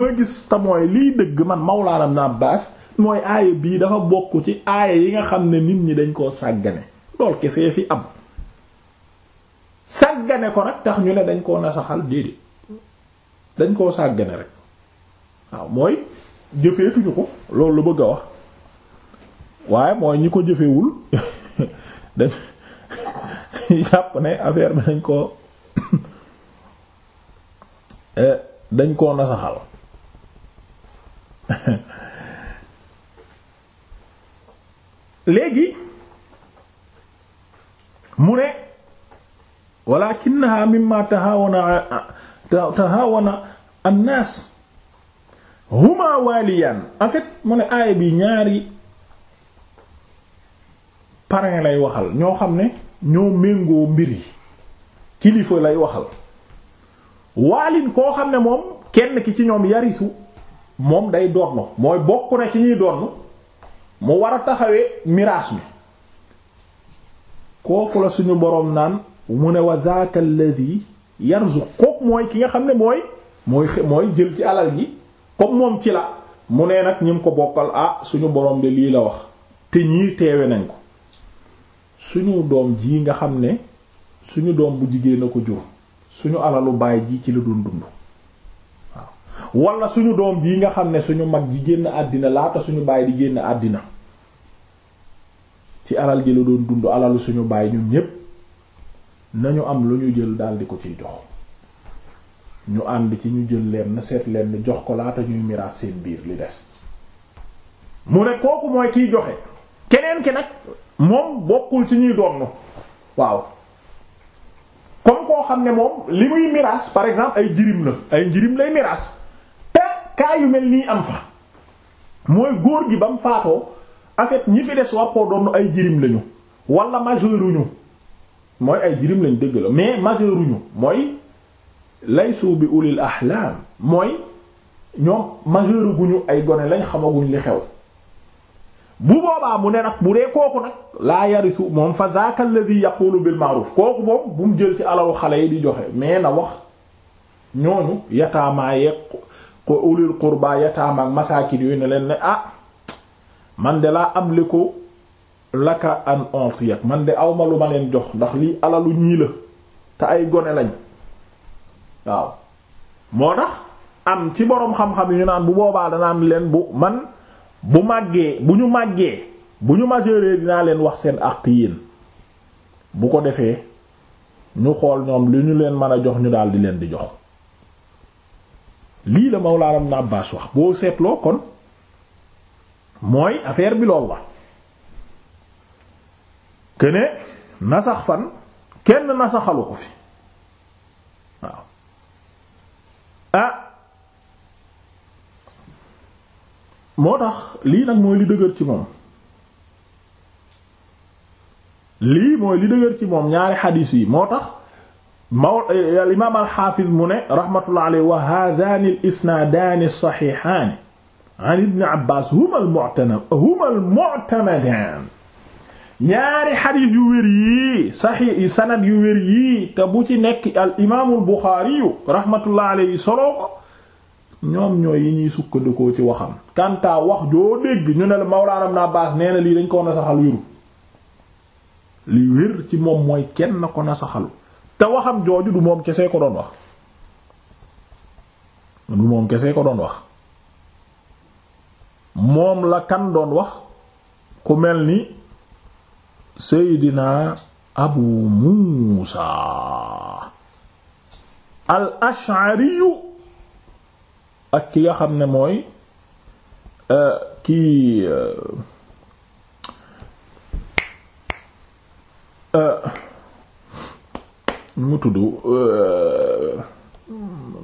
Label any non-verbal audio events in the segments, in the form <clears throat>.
ma gis te mooy liy dëgg man Mawlaana Ibn baas mooy aaya bii dafa bokk ci aaya yi nga xam ne nit ñi dañ koo sàggane lool kese fi am sàggane ko nag tax ñu ne dañ koo nasaxal déedéet dañ koo sàggane rek waaw mooy jëfeetuñu ko loolu lu bëgg wax waaye mooy ñi ko jëfewul <laughs> dañ <laughs> jàpp ne affaire bi dañ koo <coughs> eh, dañ koo nasaxal <laughs> léegi mu ne walakinaha mimma tahawana tahawana annaas huma waaliyaan en mu ne aaya bi ñaari parrain lay waxal ñoo xam ne ñoo méngoo mbir yi kilifa lay waxal waalin koo xam ne moom kenn ki ci ñoom yarisu moom day donn mooy bokk na ci ñuy donn mu war a taxawee miraas mi kooku la suñu boroom naan mu ne wa zaaka alladhi yarzuq kooku mooy ki nga xam ne mooy mooy jël ci alal gi comme moom ci la mu ne nag ñi ko bokkal ah suñu boroom de lii la wax te ñii teewe nañ ko suñu doom ji nga xam ne suñu doom bu jigéen a ko jur suñu alalu baay ji ci la doon dund wala suñu doom bii nga xam ne suñu mag ji génn àddina laata suñu bàyyi di génn àddina ci alal ji la doon dund alalu suñu bàyyi ñun ñépp nañu am lu ñu jël daldi ko ciy jox ñu ànd ci ñu jël leen na seet leen jox ko laata ñuy miraas seen biir li des mu ne kooku mooy kiy joxe keneen ki nag moom bokkul ci ñuy doom donn waaw comme koo xam ne moom li muy miraas par exemple ay jirim la ay jirim lay miraas kaa yu mel nii am fa mooy góor gi ba mu faatoo en ñi fi des war koo doon ay jirim lañu wala majeuruñu mooy ay jirim lañ dëgg la mais majeuruñu mooy laysu bi ulil ahlaam mooy ñoom majeur guñu ay gone lañ xamaguñ li xew bu boobaa mu ne nag bu dee kooku nag laa yarisu moom fa zaaka alladhi yaqulu bil ma'ruf kooku moom bu mu jël ci alalu xale yi di joxe mais na wax ñooñu yataamaa ulil qurba yataam ak masaakin yooyu ne leen ne ah man de laa am li ko laka an ontiyak man de awma lu ma leen jox ndax li alalu ñii la te ay gone lañ waaw moo tax am ci boroom xam-xam yu ñu naan bu boobaa danaan leen bu man bu màggee bu ñu màggee bu ñu majeuree dinaa leen wax seen àq yéen bu ko defee ñu xool ñoom li ñu leen mën a jox ñu daal di leen di jox lii la Mawlaana Ibn Abbaas wax boo seetloo kon mooy affaire bi lool la këne nasax fan kenn nasaxalu ko fi waaw ah moo tax lii nag mooy li dëgër ci moom lii mooy li dëgër ci moom ñaari xadiis yi moo tax maw eh, al mu ne rahmatullah alayhi wa haadaani al isnaadaani as saxiixaani an ibni Abbaas huma al ñaari xadiis yu wér yii sanad yu wér yii bu ci nekk al imaamul Buxaari rahmatullah alayhi soloo ñoom ñooy yi ñuy sukkandikoo ci waxam kantaa wax joo dégg ñu ne la Mawlaana Ibn Abbaas nee na lii dañ ko nasaxal wéru li wér ci moom mooy kenn ko nasaxalu te waxam jooju du moom kese ko doon wax du moom kese ko doon wax moom la kan doon wax ku mel ni Seydina Abu Muusa al ashariyu ak ki nga xam ne mooy euh, kii euh, euh, nu mu tudd euh,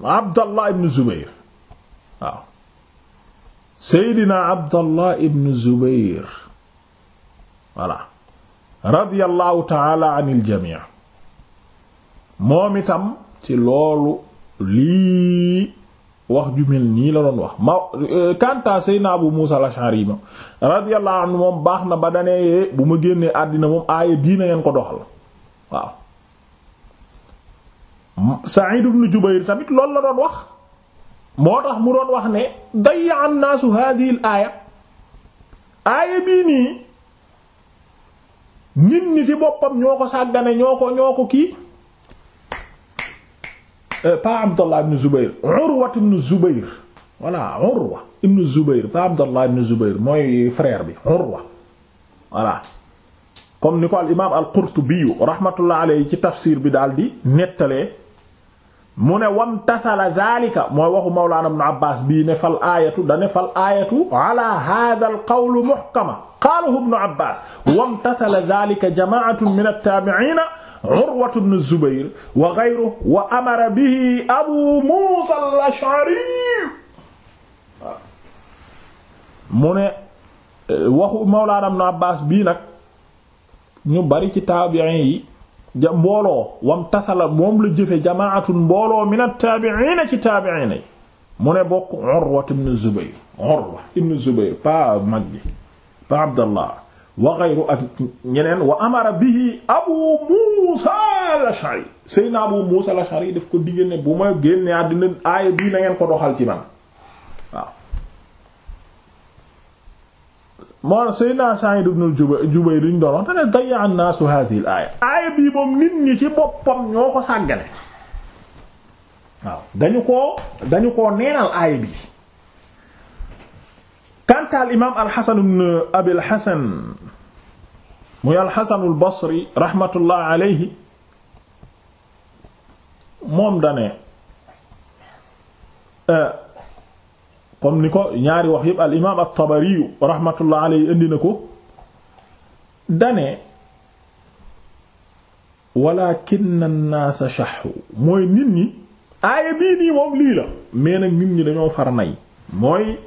Abdallah ibn Zubayr waaw Seydina Abdallah ibn Zubayr voilà radiyallahu taala anil jamii moom itam ci loolu lii wax ju mel nii la doon wax ma kanta euh, Seydina Abu Muusa al-Ash'ari ma radiyallahu anhu moom baax na ba danee bu ma génnee àddina moom aaya bii na ngeen ko doxal waaw Sa'id ibn Jubayr tamit loolu la doon wax moo tax mu doon wax ne dayya an-naasu bii nii nit ñi ci boppam ñooko ko sàggane ñoo ko ñoo ko kii euh, pa Abdallah ibn Zubayr Urwa ibn bi Urwa voilà comme ni al imaam al-Qurtubi rahmatullah alayhi ci tafsir bi daal di nettale mu ne wam tasala zaalika mooy waxu mawlaana ibn Abbaas bii ne fal aayatu da ne fal aayatu ala haadha al qawlu muhkama qaalahu ibn Abbaas wam tasala zaalika jamaa'atun min at-taabi'iina Urwatu ibn Zubayr wa ghayruhu wa amara bihi Abu Muusa al-Ash'ari mu ne eh, waxu mawlaana ibn Abbaas bii nag ñu bari ci taabi'iin yi ja mbooloo wa tasala moom la jëfe jamaatun mbooloo min at-taabi'iina ci taabi'iina yi mu ne bokk Urwa ibn Zubayr Urwa ibn Zubayr pa mag bi pa Abdallah wa ghayru ak ñeneen wa amara bihi Abu Muusa al-Ash'ari Seydina Abu Muusa al-Ash'ari daf ko digg ne bu ma génne àddina aaya bii na ngeen ko doxal ci man moo Seydina Sa'id ibn Jubayr liñ doon wax naasu haadihil aaya aaya bii moom nit ñoo ko sàggane waaw dañu ko dañu koo neenal aaya bi kanta al imaam al-Hasan ibn Abi al-Hasan muy al-Hasan al-Basri rahmatullah alayhi moom dane eh, comme ni ko ñaari wax yépp al imaam at-Tabari rahmatullah indi na ko dane walakin an-naas shahhu mooy nit ñi aaya bii nii moom lii la mais nag nit ñi dañoo far nay mooy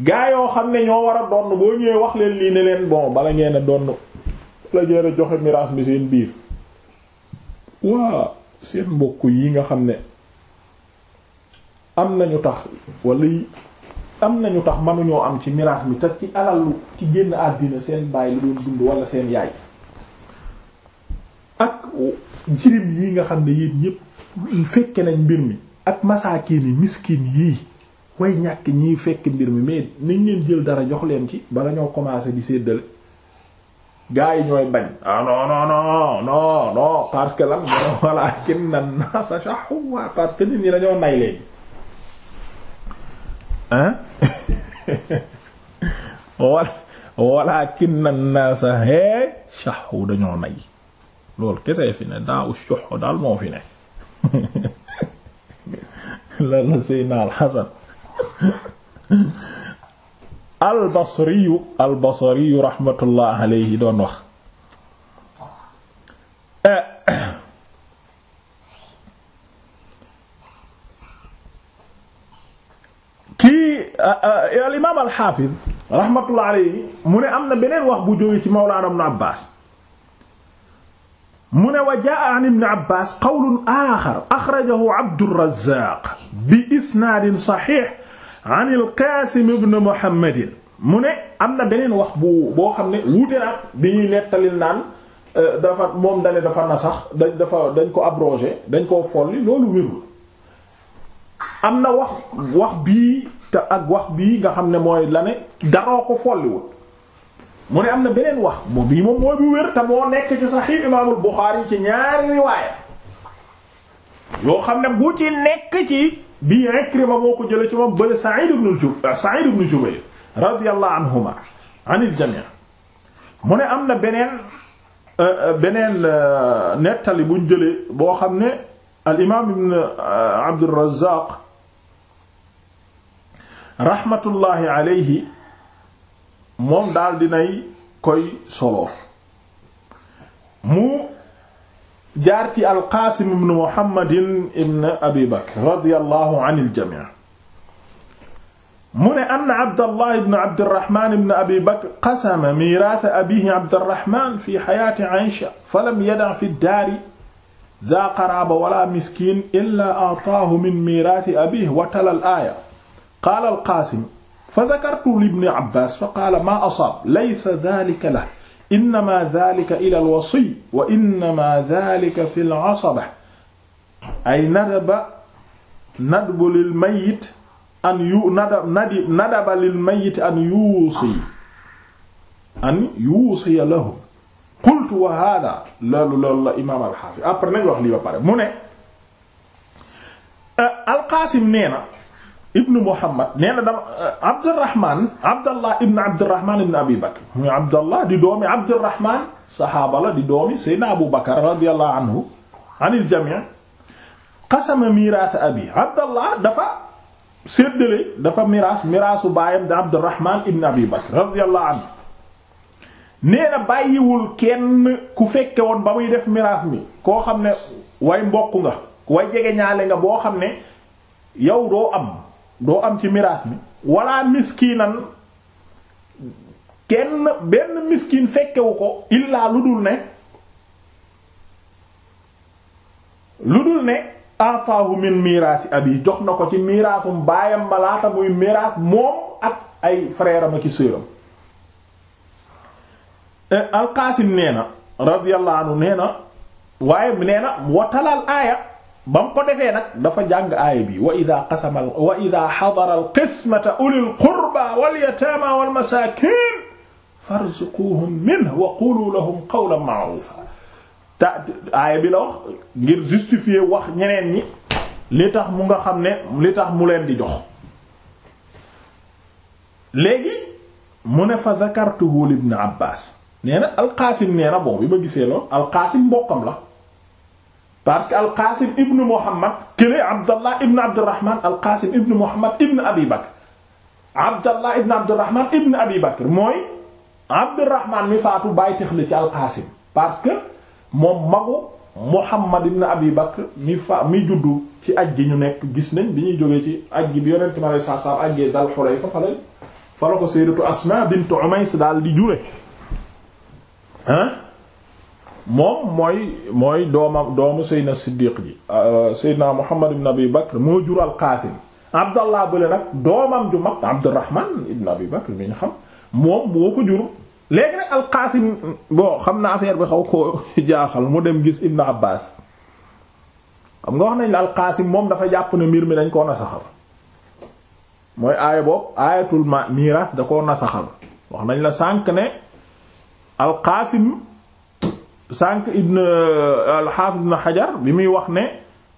gaa yoo xam ne ñoo war a donn boo ñëwee wax leen lii ne leen bon bala ngeen a donn la jër a joxe miraas bi seen biir waa seen mbokk yi nga xam ne am nañu tax wala am ñu tax mënuñoo am ci miraas mi te ci alal ci génn àddina seen bàyyi lu doon dund wala seen yaay ak jirim yi nga xam ne yéen ñëpp fekke nañ mbir mi ak masaakin yi miskin yii way ñàkk ñiy fekk mbir mi mais ni leen jël dara jox leen ci bala ñoo commencé di séddale gaa yi ñooy bañ ah non non non non non parce que lan <laughs> voilà kin na nasa sax parce que nit ñi dañoo nay leen ah <laughs> wala walakinna naasa hee shahu dañoo nay loolu kese fi ne daa u shoxo moo fi ne la <laughs> la Seydina al Hasan <laughs> al basriyu al basriyu rahmatullah alayhi doon wax eh, Ah, ah, al imaam al rahmatullah alayhi mu ne am na beneen wax bu jóge ci mawlaana ibn Abbaas mu ne wa jaa an ibn Abbaas qawlun aaxar axrajahu Abdurrazzaaq bi isnaadin saxiix an al-Qaasim ibn mu ne am na beneen wax bu boo xam ne wuute bi ñuy nettali naan euh, dafa moom dane dafa na sax dañ dafa dañ ko dañ koo folli loolu wérul te ak wax bii nga xam ne mooy lane ne daroo ko folliwul mu ne am na beneen wax mu bii moo mooy bu wér te moo nekk ci saxiix imaamul Buxaari ci ñaari riwaaya yoo xam ne bu ci nekk ci bii Ikrima boo ko jële ci moom bële Sa'id ibn Jubayr euh, Sa'id ibn Jubayr radiyallahu anhuma anil jamii mu ne am na beneen euh, euh, beneen nettali buñ jëlee boo xam ne al imaam ibn Abdur raxmatullaahi alayhi moom daal dinay koy solo mu jaar ci alqaasim ibn muhammadin ibn abi bakr radiyallahu an aljamii mu ne ann abdallah ibn abdirahman ibn abi bakr qasama miraasa abihi abdirahman fi xayaati aysha falam yada fi daari daa qaraaba wala miskiin illa ataahu min miraasi abihi wa tala al aaya qaala alqaasim fa dakartu libni abbas fa qaala maa asaab laysa dalika la innama dalika ila alwasiy wa innama dalika fi lasaba ay nadaba nadbu lil mayit an yu nadaba lil mayit an yuusi an yuusiya lahu qultu wa hada loolu loolu la imaam alxaafis après nañ wax lii ba pare mu ne alqaasim nee na ibnu Muhammad nee na dama eh, Abdurrahman Abdallah ibnu Abdurrahman ibnu Abi Bakr muy Abdallah di doomi Abdurrahman saxaaba la di doomi Seydina Abu Bakr radiyallahu anhu anil jamii qasama miiraas abi Abdallah dafa séddale dafa miraas miraasu baayam di Abdurrahman ibnu Abi Bakr radiyallahu anhu nee na bàyyiwul kenn ku fekke woon ba muy def miraas mi koo xam ne way mbokk nga way jege ñaale nga boo xam ne yow doo am. doo am ci miraas bi wala miskinan kenn benn miskin fekkewu ko illaa lu dul ne lu dul ne ataahu min miraasi abi jox na ko ci miraasum baayam malaata muy miraas moom ak ay frère am ak sœuram eh, nee na radiyallahu anhu nee na waaye nee na watalaal aaya ba ko defee nag dafa jàng aaya bi wa ida qasama wa ida xadara alqismata ulil qurba walyataama walmasaakin farzuquhum minhu wa qulu lahum qawlan ma'rufa ta aaya bi la wax ngir justifier wax ñeneen ñi li tax mu nga xam ne li tax mu leen di jox léegi mu ne fa zakartuhu libni abbas nee na alqaasim nee na bon bi ma gisee lool alqaasim mbokkam la parce que alqaasim ibn muhammad kële abdallah ibn abdurrahman alqaasim ibn muhammad ibn abi bakr abdallah ibn abdurrahman ibn abi bakr mooy abdurrahman mi faatu bàyyi tëxli ci alqaasim parce que moom magu muhammad ibn abi bakr mi fa mi juddu ci aj gi ñu nekk gis nañ bi ñuy jógee ci aj gi bi yonent mi alei satu salaam ajgee dal xulayfa fa la fa la ko sayyidatu asma bint umays daal di jure ah moom mooy mooy doomam doomu Seydina Siddiq ji euh, Seydina Muhammad ibn Abi Bakr moo jur al-Qaasim Abdallah bële nag doomam ju mag Abdurrahman ibn Abi Bakr mi ñu xam moom boo jur léegi nag al-Qaasim bon xam na affaire bi xaw ko <laughs> jaaxal mu dem gis Ibn Abbas xam nga wax nañ la al-Qaasim moom dafa jàpp ne mbir mi dañ koo nasaxal mooy aaya boobu aayatul ma miiraas da koo nasaxal wax nañ la sànq ne al-Qaasim sànq ibn euh, al-Hafiz ibn Hajar bi muy wax ne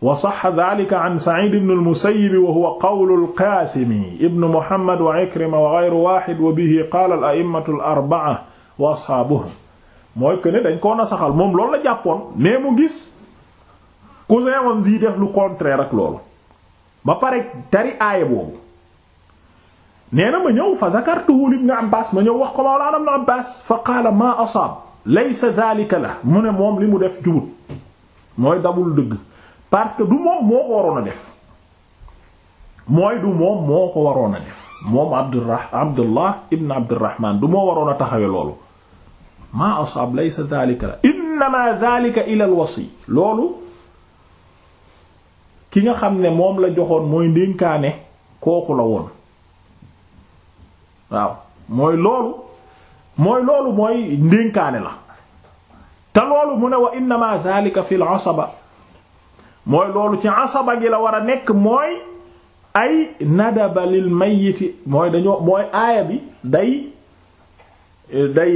wa sahha dhalika an Sa'id ibn al-Musayyib wa huwa qawlu al-Qasim ibn Muhammad wa Ikrima wa ghayru wahid wa bihi qala al-a'immatu al-arba'a wa ashaabuhum mooy que ne dañ koo na saxal moom loolu la jàppoon mais mu gis cousin wam di def lu contraire ak loolu ba pare tari aaya boobu nee na ma ñëw fa dhakartuhu li ibn Abbas ma ñëw wax ko Mawlana ibn Abbas fa qaala ma asaab laysa zalika la mu ne moom li mu def jubut mooy dabul dëgg parce que du moom moo ko waroon a def mooy du moom moo ko waroon a def moom abdurrah ibn abdurrahman du moo waroon a taxawe loolu maa asaab laysa zalika la innama zalika ila al loolu ki nga xam ne moom la joxoon mooy ndénkaane kooku la woon mooy loolu mooy loolu mooy ndinkaane la te loolu mu ne wa innama dhalika fil asaba mooy loolu ci asaba gi la war a nekk mooy ay nadaba lil mayyiti mooy dañoo mooy aaya bi day day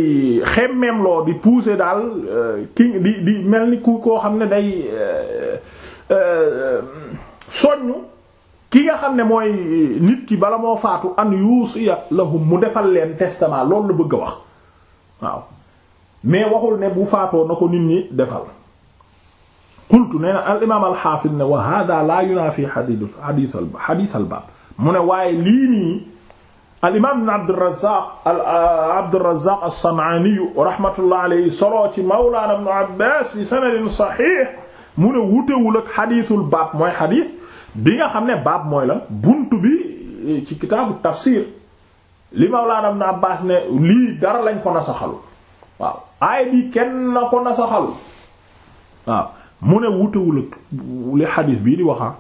xemmeem loo di pousser daal euh, ki di di mel ni ku koo xam ne day euh, euh, soññu ki nga xam ne mooy nit ki bala moo faatu an yuusiya lahum mu defal leen testament loolu la bëgg a wax waxul ne bu faatoo na ko nit ñi defal qultu ne wa hada ne waaye lii nii al imaam ibn abdurazaq uh, abdurazaq as-sanaaniyu rahmatullah alayhi abbaas bi sanadin saxiix mu ne wutewul ak xadiisul baab mooy xadiis bi nga xam ne baab mooy la buntu bi eh, ci kitaabu tafsir li Mawlaana Ibn Abbaas ne lii dara lañ ko nasaxalu waaw aay bi kenn na ko nasaxalu waaw mu ne wutewul li xadiis bii di waxa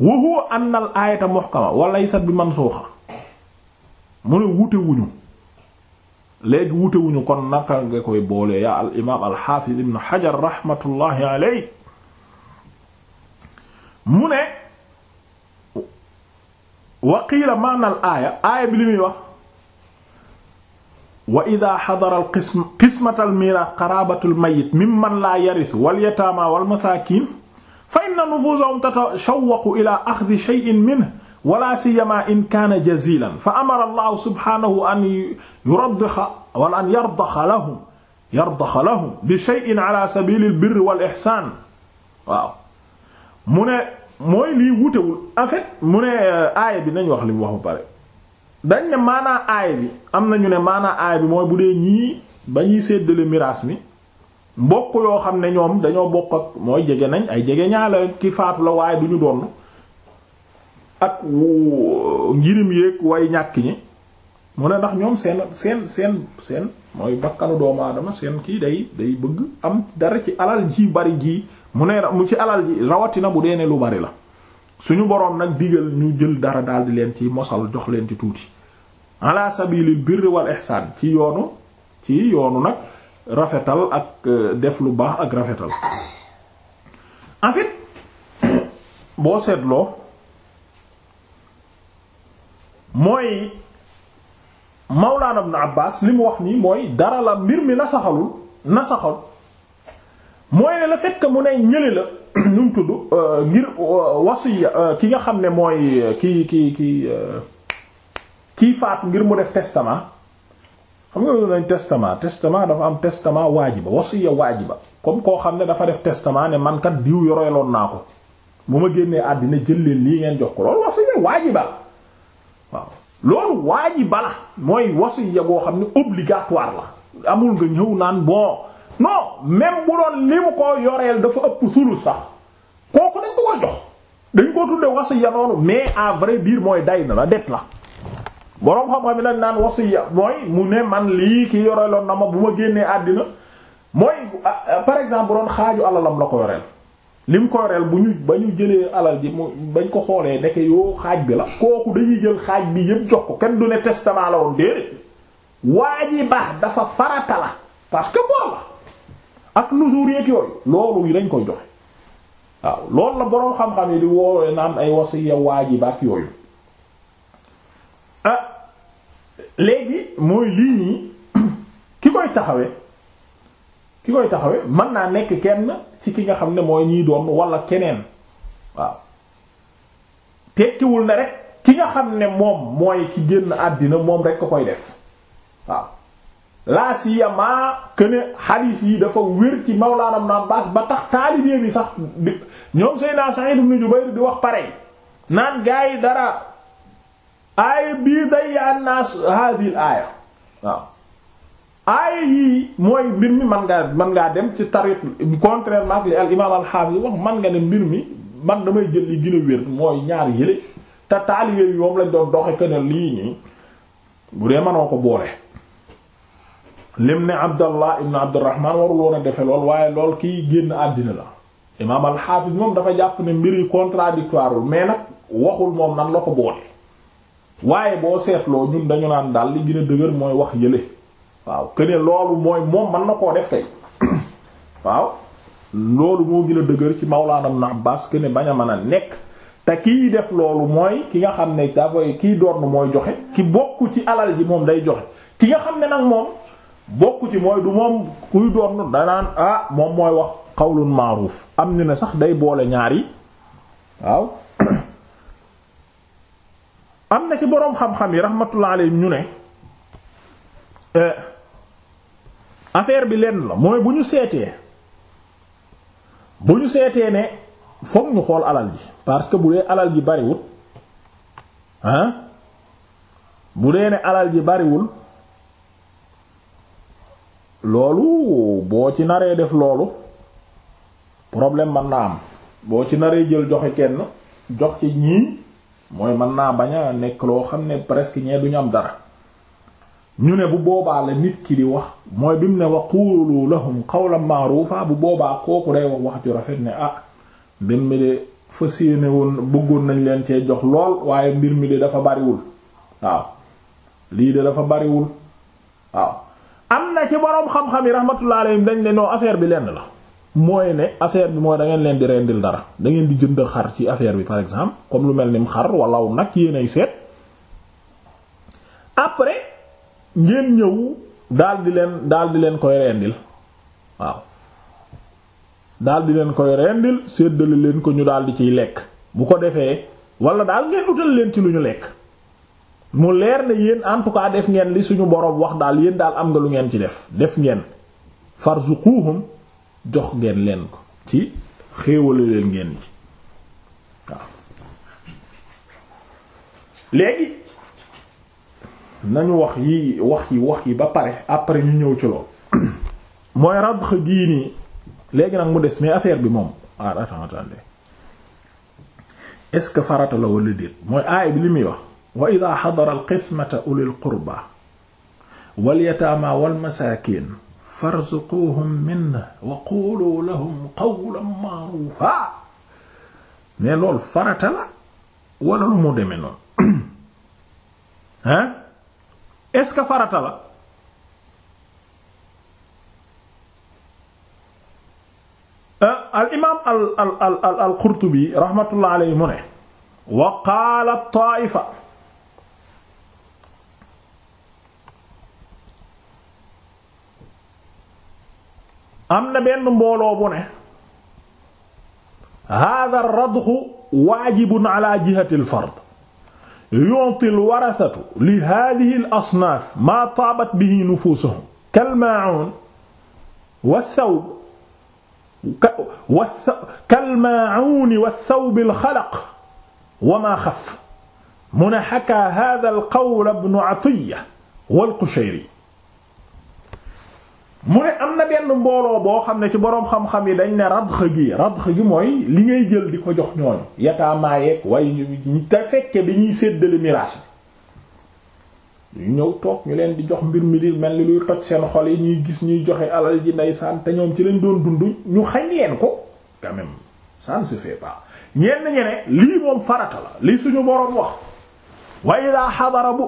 wa huwa anna al aayata muhkama wa laysat bi mansuuxa mu ne wutewuñu léegi wutewuñu kon naka nga koy boole yaa al imaam al xaafiz ibn Hajar raxmatullaahi alayhi mu ne wa qiila maanaam aaya aaya bi li muy wax wa ida xadara alqism qismata almiraas qarabatu almayit mimman laa yarisu walyataama walmasaakin fa inna nufuusahum tatashawwaqu ila axdi shay'in minhu wala siyama in kaana jazilan fa amara allahu subhaanahu an yuraddaxa wala an yardaxa lahum yardaxa lahum bi shay'in ala sabiili albirri wal ixsaan waaw mu ne mooy lii wutewul en fait mu ne euh, aaya bi nañ wax li mu wax pare dañ ne maanaa aaya bi am nañu ne maanaa aaya bi mooy bu dee ñii ba ñuy séddale miraas mi mbokk yoo xam ne ñoom dañoo bokk ak mooy jege nañ ay jege ñaala ki faatu la waaye du ñu doon ak ngirim yéeg way ñàkk ñi mu ne ndax ñoom seen seen seen seen mooy bakkanu doomu aadama seen kii day day bëgg am dara ci alal ji bari jii mu ne mu ci alal ji rawatina bu dee ne lu bari la suñu boroom nag digal ñu jël dara daldi leen ci mosal jox leen ci tuuti ala sabilil birri wal ihsaan ci yoonu ci yoonu nag rafetal ak euh, def lu baax ak rafetal en <coughs> boo seetloo mooy Mawlaana na Abbaas li mu wax nii mooy dara la mbir mi nasaxalul nasaxal mooy ne le fait mu ne ñële la ñu <clears throat> mu tudd euh, ngir euh, wasiya euh, ki nga xam ne mooy ki ki ki kii faat ngir mu def testament xam nga loolu nañ testament testament dafa am testament waajiba wasiya waajiba comme koo xam ne dafa def testament ne man kat diw yoroyloon naa ko bu ma génnee àddina jël leen lii ngeen jox ko loolu wasiya waajiba la waaw loolu waajiba la mooy wasiya boo xam ne obligatoire la amul nga ñëw naan bon. non même bu doon li mu ko yoreel dafa ëpp sulus sax kooku dañ ko ko jox dañ ko tudde wasiya noonu mais en vrai biir mooy day na la det la boroom xam-xam yi dañ naan wasiya mooy mu ne man lii ki yoreeloon na ma bu ma génnee àddina mooy ah, ah, par exemple bu doon xaaju alalam la ko yoreel li mu ko yoreel bu ñu ba ñu jëlee alal ji mu bañ ko xoolee nekk yoo xaaj bi la kooku dañuy jël xaaj bi yépp jox ko kenn du ne testament la woon déedéet waajiba dafa farata la ak nusuur yeeg yooyu loolu dañ koy joxe waaw loolu na boroom xam-xam yi di woowee naan ay was waajiba ak yooyu ah léegi mooy lii nii <clears throat> ki koy taxawe ki koy taxawee mën naa nekk kenn ci ki nga xam ne mooy ñiy doon wala keneen waaw tekkiwul ne rek ki nga xam ne moom mooy ki génn àddina moom rek ko koy def waaw laa siyamaa këne xadiis yi dafa wér ci Mawlaana Ibn Abbaas ba tax taalibee bi sax ñoom Seydina Sa'iid ibn Jubayr di wax pare naan gaa yi dara aaya bii day yaa naas haadihil aaya waaw aaya yii mooy mbir mi man ngaa man ngaa dem ci tariq contrairement ak li al imaam al xaafis man nga ne mbir mi man damay jël li gën wér mooy ñaar yële te taalibee bi moom lañ doon doxe këne lii nii bu dee manoo ko boole lim ne abdallah ibn abdurrahman warul woon a defe lool waaye lool kiy génn àddina la imaam alxaafis moom dafa jàpp ne mbir yi contradictoire mais nag waxul moom nan la ko boole waaye boo seetloo ñun dañu naan daal li gën a dëgër mooy wax yële waaw que loolu mooy moom mën na koo def tey <coughs> waaw loolu moo gën dëgër ci mawlaana ibn abbaas que ne bañ a mën a nekk te kiy def loolu mooy ki nga xam ne dafay kiy doon mooy joxe ki bokk ci alal ji moom day joxe bokk ci mooy du moom kuy doon danaan ah moom mooy wax qawlun ma'ruf am ñu ne sax day boole ñaar yi waaw <coughs> am na ci boroom xam-xam yi rahmatullah alayhim ñu ne eh, affaire bi lenn la mooy bu ñu seetee bu ñu seetee ne fokk ñu xool alal ji parce que bu dee alal ji bariwul bu dee ne alal ji bariwul loolu boo ci naree def loolu problème mën naa am boo ci naree jël joxe kenn jox ci ñii mooy mën naa bañ a nekk loo xam ne presque ñee duñu am dara ñu ne bu boobaa la nit ki di wax mooy bi mu ne waqulu lahum qawlan ma'rufa bu boobaa kooku day wax wax ju rafet ne ah mbir mi de fa séene woon bëggoon nañ leen cee jox lool waaye mbir mi de dafa bariwul waaw lii de dafa bariwul waaw ñenn ci boroom xam-xam yi rahmatullah alayhim dañ ne non affaire bi lenn la mooy ne affaire bi mooy dangeen leen di rendil dara da ngeen di jënd xar ci affaire bi par exemple comme lu mel ni xar wala nag yéen ay seet après ngeen ñëw daal di leen daal di leen koy rendil waaw daal di leen koy rendil séddale leen ko ñu daal di ciy lekk bu ko defee wala daal ngeen utal leen ci lu ñu lekk. mu leer ne yéen en tout cas def ngeen li suñu boroom wax daal yéen daal am nga lu ngeen ci def def ngeen far farzuquhum jox ngeen leen ko ci xéewale leen ngeen ci waaw léegi nañu wax yi wax yi wax yi ba pare après ñu ñëw ci lool <coughs> mooy radx gii léegi nag mu des mais affaire bi moom ah attends attendez est-ce que farata la wala mooy aay bi li muy wax wa ida xadara alqismata ulil qurba walyataama walmasaakin farzuquhum minhu wa qulu lahum qawlan maaruufa mais loolu farata la wala lu mu demee noonu <clears throat> hein est-ce que farata la euh, al imaam al al al al al Qurtubi rahmatullah alayhi mu ne wa qaala taa'ifa am na benn mbooloo bu ne hada radxu waajibun ala jihati al fard yu'ti al warasatu li hadihi al asnaaf maa taabat bihi nufuusuhum kal maa'uun wa thawb kal maa'uuni wa thawb al xalaq wa maa xaf mu ne xakaa hada al qawl ibnu atiyya wal qushayri mu ne am na benn mbooloo boo xam ne ci boroom xam-xam yi dañ ne radx gi radx gi mooy li ngay jël di ko jox ñooñu yataamaayeeg waaye ñu te fekke bi ñuy séddale miraas bi ñu ñëw toog ñu leen di jox mbir mi di mel ni luy toj seen xol yi ñuy gis ñuy joxe alal ji ndeysaan te ñoom ci lañ doon dund ñu xañ leen ko quand même ça ne fait pas ñenn ñene lii moom farata la li suñu boroom wax wa idaa xadara bu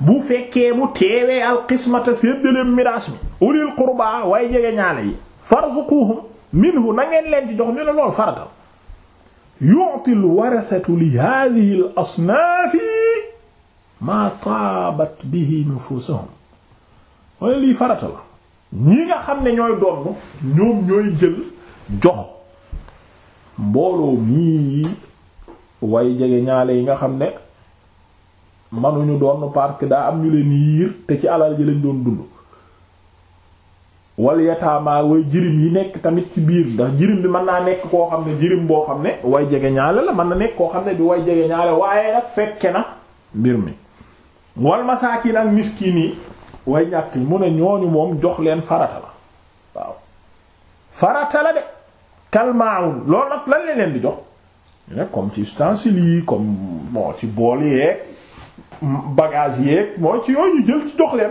bu fekkee mu teewee alxismata séddale miraas mi ulil qurbaa way jege ñaale yi farzuquhum minhu na ngeen leen ci jox ñu ne loolu faratal al asnaafi la ñi nga xam ne ñooy donn ñoom ñooy jël jox mbooloo mii way jege ñaale yi nga xam ne manuñu doon parce que daa am ñu leen yiir te ci alal ji lañ doon dund wal yataamaa way jirim yi nekk tamit ci biir ndax jirim bi mën naa nekk koo xam ne jirim boo xam ne way jege ñaale la mën na nekk koo xam ne du way jege ñaale waaye nag fekke na mbir mi wal masaakin ak miskin yi way ñàkk yi mu ne ñooñu moom jox leen farata la waaw farata la de kalmaawun loolu nag lan lañ leen di jox ñu ne comme ci ustensiles yi comme ci bool yeeg bagage yeeg mooy ci yooyu ñu jël ci jox leen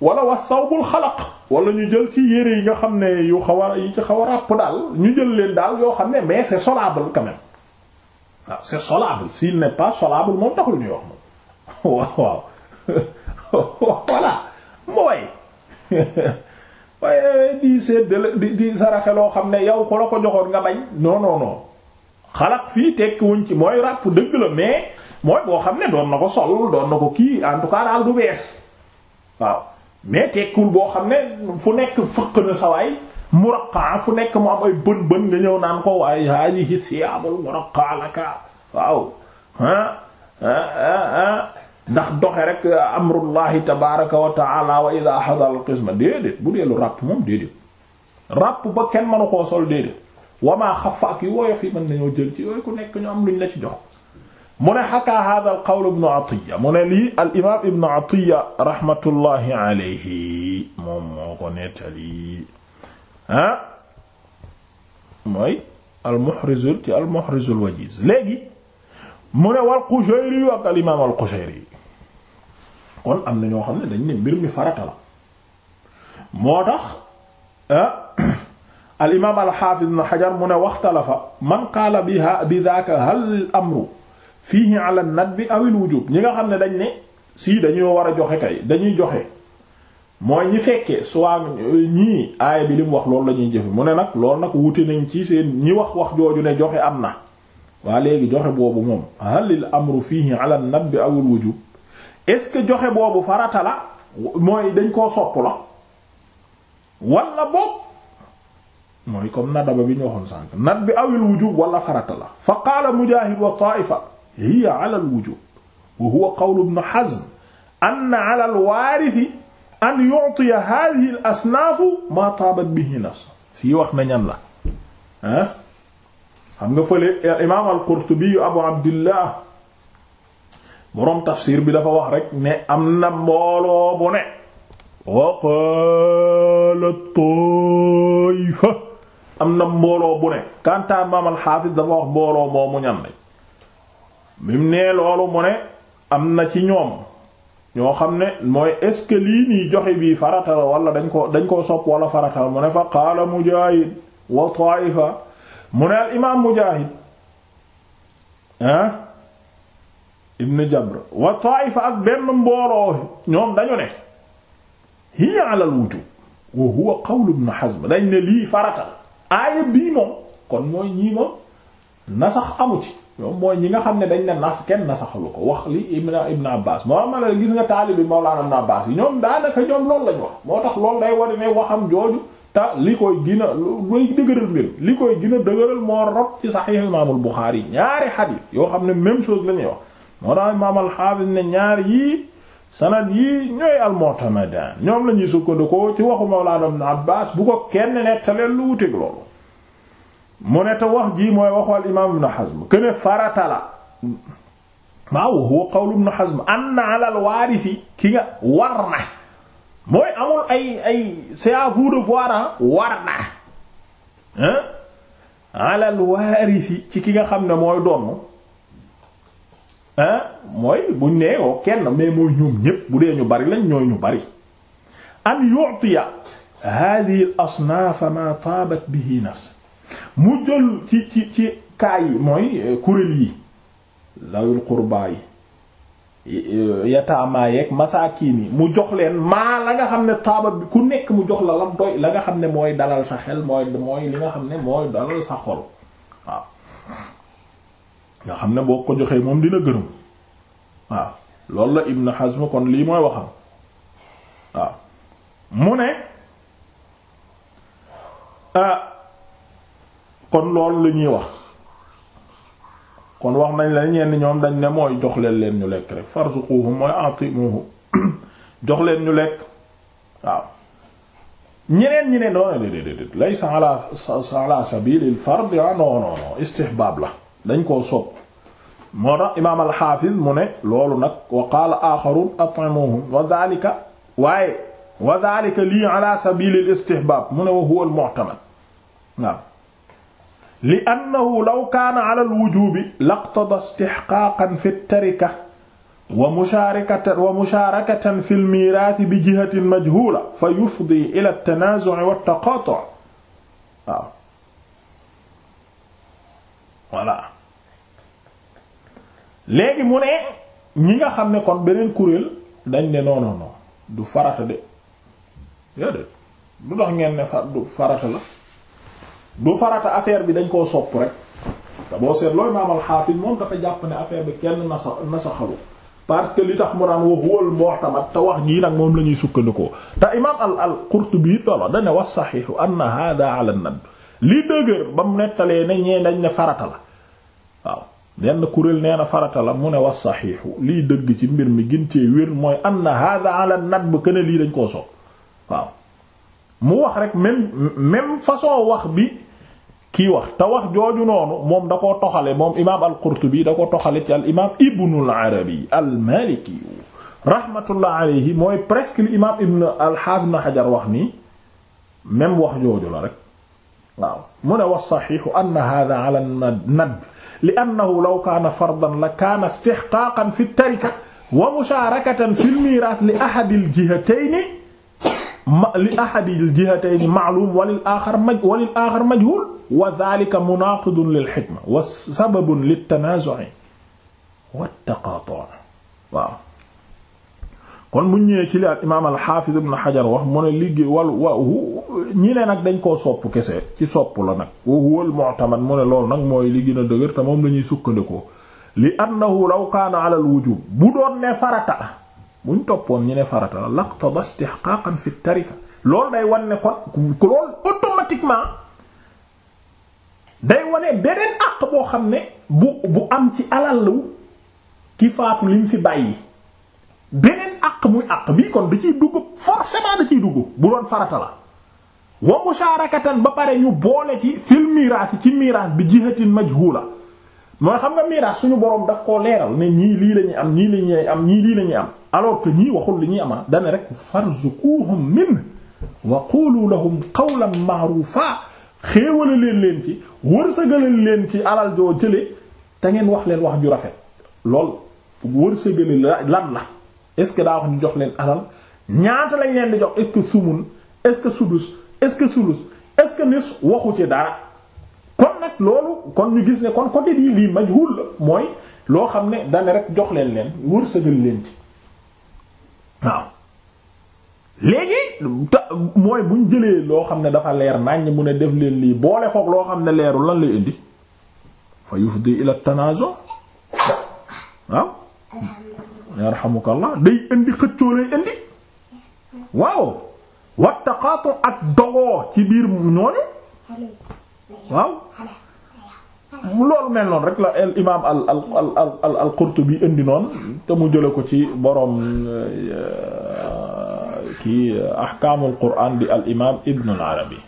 wala wa sawbul xalaq wala ñu jël ci yére yi nga xam ne yu xaw yi ci xaw a ràpp daal ñu jël leen daal yoo xam ne mais c'est solvable quand même waaw c'est solvable s'il n'est pas solvable moom taxul ñuy wax moom waaw waaw <laughs> voilà mooy <laughs> waaye di seddale di di loo xam ne yow ko la ko joxoon nga bañ non xalaq fii tekkiwuñ ci mooy ràpp dëgg la mais mooy boo xam ne doon na ko sol doon na ko kii en tout cas daal du bees waaw mais tekkiwul boo xam ne fu nekk fëq na sawaay muraqa fu nekk mu am ay bën bën nga ñëw naan ko waaye hadihi siyaabul muraqa laka waaw ah, ah, ah, ndax doxe rek amrullahi tabaraka wa taala wa ida hadal qisma déedéet bu deelu ràpp moom déedéet ràpp ba kenn mënu koo sol déedéet wamaa xafa ak yu woyof yi mën nañoo jël ci yooyu ku nekk ñu am luñ la ci jox mu ne xakaa hada al qawl ibnu atiya mu ne lii al imam ibnu atiya rahmatullahi alayhi moom moo ko nettali ah mooy al muhrizul ci al muhrizul wajiz léegi mu ne wal qushayri yu ak al imam al qushayri kon am na ñoo xam ne dañ ne mbir mi farata la moo tax ah al imaam al xaafid ibn xajar mu ne waxtalafa man bi biha bi daaka hal amru fiihi ala nadbi aw al wujub ñi nga xam ne dañ ne sii dañoo war a joxe kay dañuy joxe mooy ñi fekkee soit ñi aaya bi li wax loolu la ñuy jëfe mu ne nag lool nag wuute nañ ci seen ñi wax wax jooju ne joxe am na waa léegi joxe boobu moom halil amru fiihi ala bi awul wujub est-ce que joxe boobu farata la mooy dañ koo sopp la walla boog mooy comme nadaba bi ñu waxoon sànk nat bi awil wujub wala farata la fa qaala mujaahid wa taaifa hiya ala al wujub wa huwa qawlu ibn hazm anna ala al waarisi an yu'tiya haadihi al asnaafu maa taabat bihi nafs fii wax na ñan la ah xam nga fële imaam al qurtubi abu abdillah boroom tafsir bi dafa wax rek ne am na mbooloo bu ne wa qaala taifa am na mbooloo bu ne kantaa imaam alxaafis dafa wax mbooloo moomu ñan lañ bi mu nee loolu mu ne am na ci ñoom ñoo xam ne mooy est-ce lii nii joxe bii farata la wala dañ ko dañ koo sopp wala farata la mu ne fa qaala mujaahid wa taifa mu ne al imaam mujaahid ah ibn jabr wa taifa ak benn mbooloo ñoom dañu ne hiya ala wujub wa huwa qawl ibn hazm dañ ne lii farata aaya bii moom kon mooy ñii moom nasax amu ci ñoom mooy ñi nga xam ne dañ ne nas kenn nasaxalu ko wax li ibn ibn abbas moo am la gis nga moo mawlana ibn abbas yi ñoom daanaka ñoom loolu lañ wax moo tax loolu day war ne waxam jooju te li koy gën a looy dëgëral mbir li koy gën a moo rot ci saxiix imaamul buxaari yi ñaari xadiis yoo xam ne même chose la ñuy wax moo tax imaam al ne ñaar yii sanad yii ñooy almutamadan ñoom la ñuy sukkandikoo ci waxu Mawlaana Ibn Abbaas bu ko kenn nettaleen lu wuteeg loolu mu ne wax jii mooy waxu al imaam Ibn Hazm këne farata la waaw huwa qawlu Ibn Hazm anna ala ki nga war na mooy ay ay c'est à vous de voir war na hein ala waarisi ci ki nga xam ne mooy doon mooy buñ nee oo kenn mais mooy ñoom ñépp bu dee ñu bari lañ ñooy ñu bari am yu'tiya hadhihi al asnaf ma taabat bihi mu ci ci ci kaay mooy eh, kuréel yi dawul qurbaa yi eh, yataamaa yeeg masaakiin yi mu jox leen maa la nga xam ne taabat bi ku nekk mu jox la lam doy la nga xam ne mooy dalal sa xel mooy mooy li nga xam ne mooy dalal sa xol waaw nga xam ne boo ko joxee moom dina gërëm waaw loolu la Ibn Hazm kon lii mooy waxam waaw mu ne kon loolu la ñuy wax kon wax nañ la ñenn ñoom dañ ne mooy jox leen leen ñu lekk rek farzuquhum mooy atimuhu <coughs> jox leen ñu lekk waaw ñeneen ñi ne noonu déedéet laysa ala ala sabilil fard ah, non non non istihbab la dañ koo sopp moo tax imaam alxaafiz mu ne loolu nag wa qaala axarun at'imuhum wa dhalika waaye wa dhalika lii ala sabili al istihbaab mu ne wa huwa al mu'tamad waaw li annahu law kaana ala al wujubi laqtada istihqaaqan fi tarika wa musharakatan wa musharakatan fi al miiraas bi jihatin majhuula fa yufdi ila al tanaazu' wa taqaatu' waaw voilà léegi mu ne ñi nga xam ne kon beneen kuréel dañ ne non non non du farata de yade du tax ngeen ne fa du farata la du farata affaire bi dañ koo sopp rek te boo seet looy maamal xaafis moom dafa jàpp ne affaire bi kenn nasa nasaxalu parce que li tax mu naan wax wal mu'tamad te wax jii nag moom la ñuy sukkandikoo te imaam al al Qurtubi loola dane was saxiixu anna hada ala nab li dëgër ba mu nettalee ne ñee dañ ne farata la benn kuréel nee na farata la mu ne wa saxiixu liy dëgg ci mbir mi gin cee wér mooy anna hada ala nadb këne lii dañ koo soog waaw mu wax rek même même façon wax bi kii wax te wax jooju noonu moom da ko toxale moom imaam al da ko toxale ci al imaam ibnul arabi al-maliki rahmatullah mooy presque li wax nii même wax jooju la rek waaw mu ne wa saxiixu anna hada ala nadb li annahu law kaana fardan la kaana istihqaaqan fi tarika wa musharakatan fi al-miiraas li ahadil jihatayni li ahadil jihatayni ma'luum wa lil aaxar maj wa lil aaxar majhuul wa dhaalika munaaqidun lil hikma wa sababun lit tanaazu' wa taqaatu' waaw kon mu ñëwee ci li al imaam alxaafiz ibn xajar wax mu ne liggéey wal wa ñi ne nag dañ koo sopp kese ci sopp la nag wa huwa mu ne loolu nag mooy li gën dëgër te moom la ñuy sukkandikoo li annahu law kaana ala al wujub bu doon ne farata buñ toppoon ñi ne farata la basti istihqaqan fi tarika lool day wan ne kon ku loolu automatiquement day wane beneen àq boo xam ne bu bu am ci alalu ki faatu lim fi bàyyi beneen àq muy àq bii kon da ciy dugg forcément da ciy dugg bu doon farata la wa musharakatan ba pare ñu boole ci fil miraas ci miraas bi jihatin majhula moo xam nga miraas suñu boroom daf koo leeral ne ñii lii lañuy am ñii la am ñii lii lañuy am alors que ñii waxul li ñuy am ah, dana rek farzuquhum min wa qulu lahum qawlan ma'rufa xéewala leen leen ci wërsëgalal leen ci alal joo jële te ngeen wax leen wax ju rafet lool wërsëgale lan la est-ce que daa wax ñu jox leen alal ñaata lañ leen di jox est-ce sumun est-ce que sudus est-ce que sulus est-ce que nis waxu ci dara kon nag loolu kon ñu gis ne kon côté bii lii majhul la mooy loo xam ne dane rek jox leen leen wërsëgal leen ci waaw léegi mooy bu ñu jëlee loo xam ne dafa leer nañ mu ne def leen lii boole xoog loo xam ne leeru lan la indi fa yufdi ila tanazo waaw yarhamukallah day indi xëccoo lay indi waaw wattaqaatu ak doo ci biir ñooñu waaw lool mel noonu rek la al imaam al al al Qurtubi indi noonu te mu jële ko ci boroom euh, kii ahkaamul quraan di al imaam Ibn al Arabi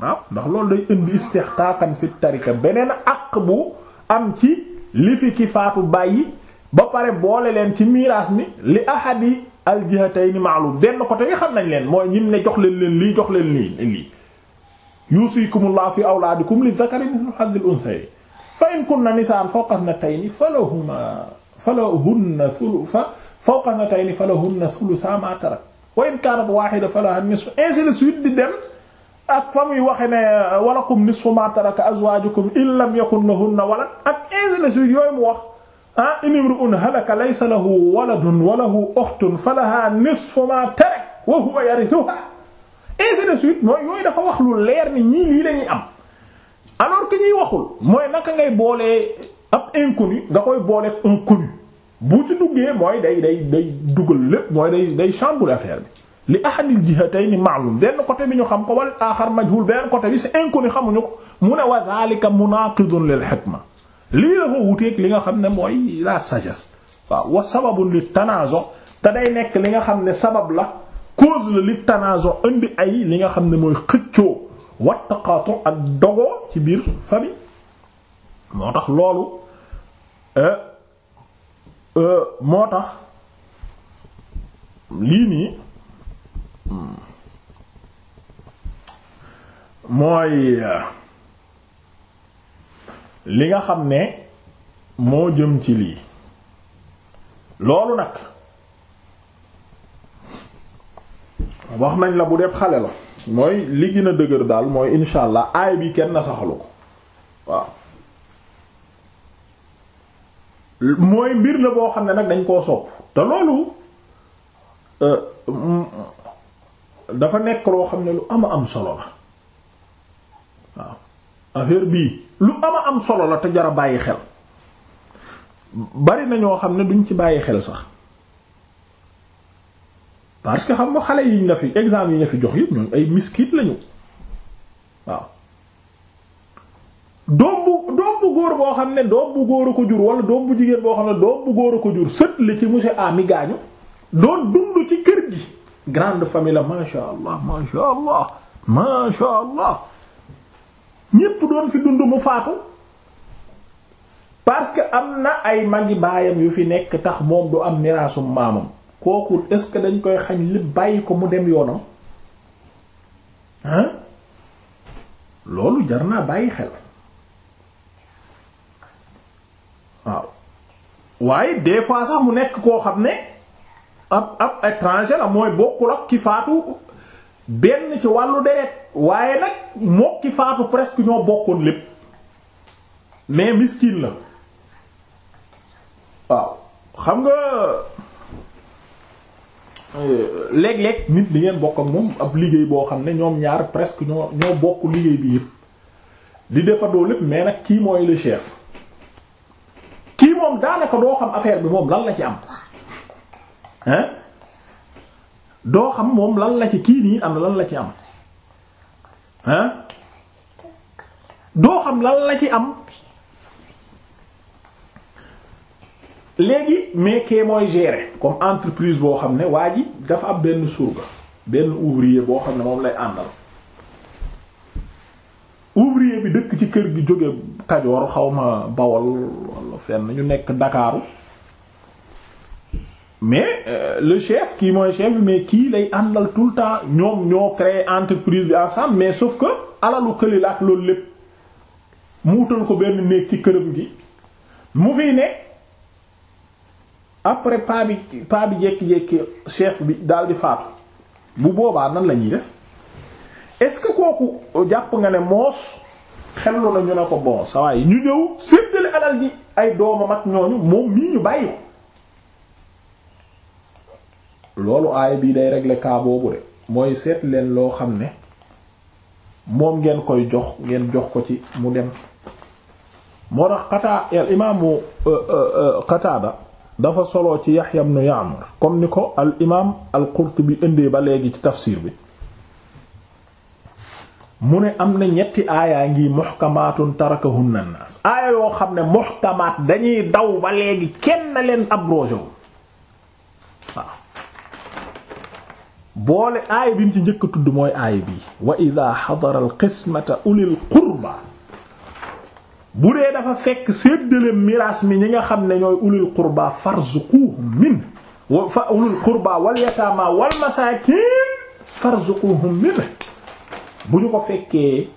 waaw ndax loolu day indi istihqaqan fi tarika beneen aq bu am ci li fi ki faatu bàyyi ba pare boole leen ci miraas mi li ahadi aljihatayn ma'lum benn côté yi xam nañ leen mooy ñim ne jox leen leen lii jox leen lii lii yusikumullahu fi awlaadikum li zakari mithlu hazzil unsayayni fa in kunna nisaan fawqa natayni falahuma falahunna thulu fa fawqa natayni falahunna thulutha ma tarak wa in kaanat waahida falaha nisfu ainsi de suite di dem ak fa muy waxe ne walakum nisfu ma taraka azwaajukum in lam yakun lahunna walad ak ainsi de suite yooyu mu wax ah in imru'un halaka laysa lahu waladun wa lahu ukhtun falaha nisfu ma tarak wa huwa yarithuha ainsi de suite mooy yooyu dafa wax lu leer ni ñii lii lañuy am alors que ñuy waxul mooy naka ngay boolee ab inconnu nga koy booleeg un connu bu ci duggee mooy day day day dugal lépp mooy day day chamboule affaire bi li ahadil jihatayn ma'lum benn côté bi ñu xam ko wal axar majhul benn côté bi c'est inconnu xamuñu ko mu ne wa zalika munaqidun lil hikma lii la ko wuteeg li nga xam ne mooy la sagesse waaw wa sababun li te day nekk li nga xam ne sabab la cause la li tanazo indi ay li nga xam ne mooy xëccoo wattaqaatu ak dogoo ci biir famille moo tax loolu euh, euh, moo tax lii nii hmm, mooy euh, li nga xam ne moo jëm ci lii loolu nag wax nañ la bu dee xale la mooy li gën a dëgër daal mooy insha allah aay bi kenn na saxalu ko waaw mooy mbir la boo xam ne nag dañ koo sopp te loolu euh, dafa nekk loo xam ne lu ama am solo la affaire bii lu ama am solo la te jara bàyyi xel bari na ñoo xam ne duñ ci bàyyi xel sax parce que xam nga xale yiñ la fi exemple yiñ la fi jox yëpp ñoom ay miskit lañu waaw doom bu doom bu góor boo xam ne doom bu góor a ko jur wala doom bu jigéen boo xam ne doom bu góor a ko jur sët li ci monsieur A mi gaañu doon dund ci kër gi grande famille la masha allah masha allah masha allah ñépp doon fi dund mu faatu parce que am na ay magi baayam yu fi nekk tax moom du am miraasum maamam kooku est-ce que dañ koy xañ lépp bàyyi ko mu dem yoonam hein loolu jar naa bàyyi xel waaw waaye des fois sax mu nekk koo xam ne ab ab étranger la mooy bokkul ak ki faatu benn ci wàllu deret waaye nag moo ki faatu presque ñoo bokkoon lépp mais miskin la waaw xam nga euh, léeg-léeg nit di ngeen bokk ak moom ab liggéey boo xam ne ñoom ñaar presque ñoo ñoo bokk liggéey bi yëpp di defandoo lépp mais nag kii mooy le chef kii moom daanaka doo xam affaire bi moom lan la ci am hein doo xam moom lan la ci kii nii am lan la ci am hein doo xam lan la ci am léegi mais kee mooy gérer comme entreprise boo xam ne waa ji dafa am benn surga benn ouvrier boo xam ne moom lay àndal ouvrier bi dëkk ci kër gi jóge Kajoor xaw ma Bawol walla fenn ñu nekk Ndakaaru mais euh, le chef kii mooy chef bi mais kii lay àndal tout le temps ñoom ñoo créer entreprise bi ensemble mais sauf que alalu kële ak loolu lépp mu utal ko benn néeg ci këram gi mu fiy ne après paa bi paa bi jékki-jékki chef bi daal di faatu bu boobaa nan la ñuy def est-ce que kooku euh, jàpp nga ne moos xellu na ñu ne ko bon saa ñu ñëw séddale alal ji ay doomam ak ñooñu moom mii ñu bàyyi loolu aaya bii day régler cas boobu de mooy seet leen loo xam ne moom ngeen koy jox ngeen jox ko ci mu dem moo tax xataa al imaamu euh, euh, euh, Qataada dafa solo ci Yaxya ibnu Ya'mar comme ni ko al imaam al Qurtubi indee ba léegi ci tafsir bi mu ne am na ñetti aayaa ngi muhkamaatun tarakahunna naas aaya yoo xam ne muhkamaat dañuy daw ba léegi kenn leen abrogé wu boole aaya bi mu ci njëkk tudd mooy aaya bi wa ida xadara al qismata ulil qurba bu dee dafa fekk séddale miraas mi ñi nga xam ne ñooy ulil qurba farzuquhum min fa ulil qurba wal yataama wal masaakiin farzuquhum min bu ñu ko fekkee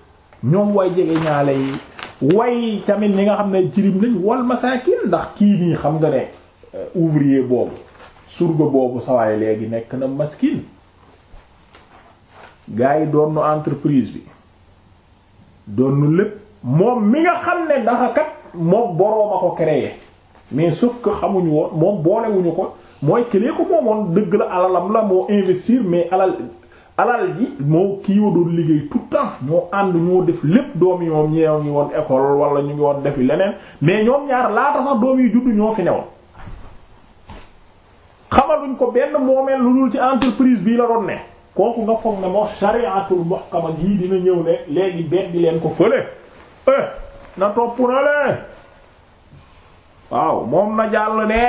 ñoom way jege ñaale yi way tamit ñi nga xam ne jirim lañ wal masaakiin ndax kii nii xam nga ne euh, ouvrier boobu surga boobu sawaay léegi nekk na maskin gaa yi doon nu entreprise bi doon nu lépp moom mi nga xam ne daxa kat moom boroom a ko créé mais sauf que xamuñu woon moom boolewuñu ko mooy këlee ko moomoon dëgg la alalam la moo investir mais alal alal ji moo kii wa doon liggéey tout temps ñoo ànd ñoo def lépp doom yi moom ñeew ngi woon école wala ñu ngi woon defi leneen mais ñoom ñaar laata sax doom yi juddu ñoo fi newoon xamaluñ ko benn moomeel lu dul ci entreprise bii la doon ne kooku nga foog ne moo shari'atul muhkama gii dina ñëw ne léegi beet di leen ko fële eh, na topp na lee waaw moom na jàll ne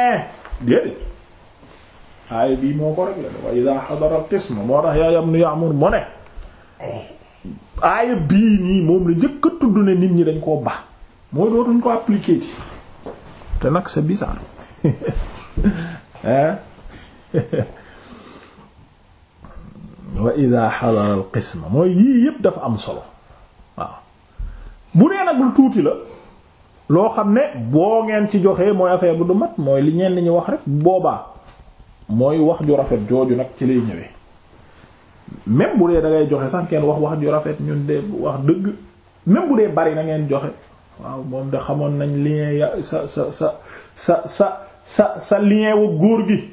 déedéet aaya bii moo ko rek la wa iza hadara qisma moo tax yaa nu yaamur mu ne aaya bii nii moom la njëkk a tudd ne nit ñi dañ koo ba mooy dootuñ ko appliquer te nag sa bizarre hein <laughs> eh? <laughs> wa ida xadara al qisma mooy yii yépp dafa am solo waaw bu nee nag lu tuuti la loo xam ne boo ngeen ci joxee mooy affaire bu du mat mooy li ñeen li wax rek boobaa mooy wax ju rafet jooju nag ci lay ñëwee même bu dee dangay joxe sax kenn wax wax ju rafet ñun de wax dëgg même bu dee bari na ngeen joxe waaw moom de xamoon nañ lien ya sa sa sa sa sa sa sa lien wu góor gi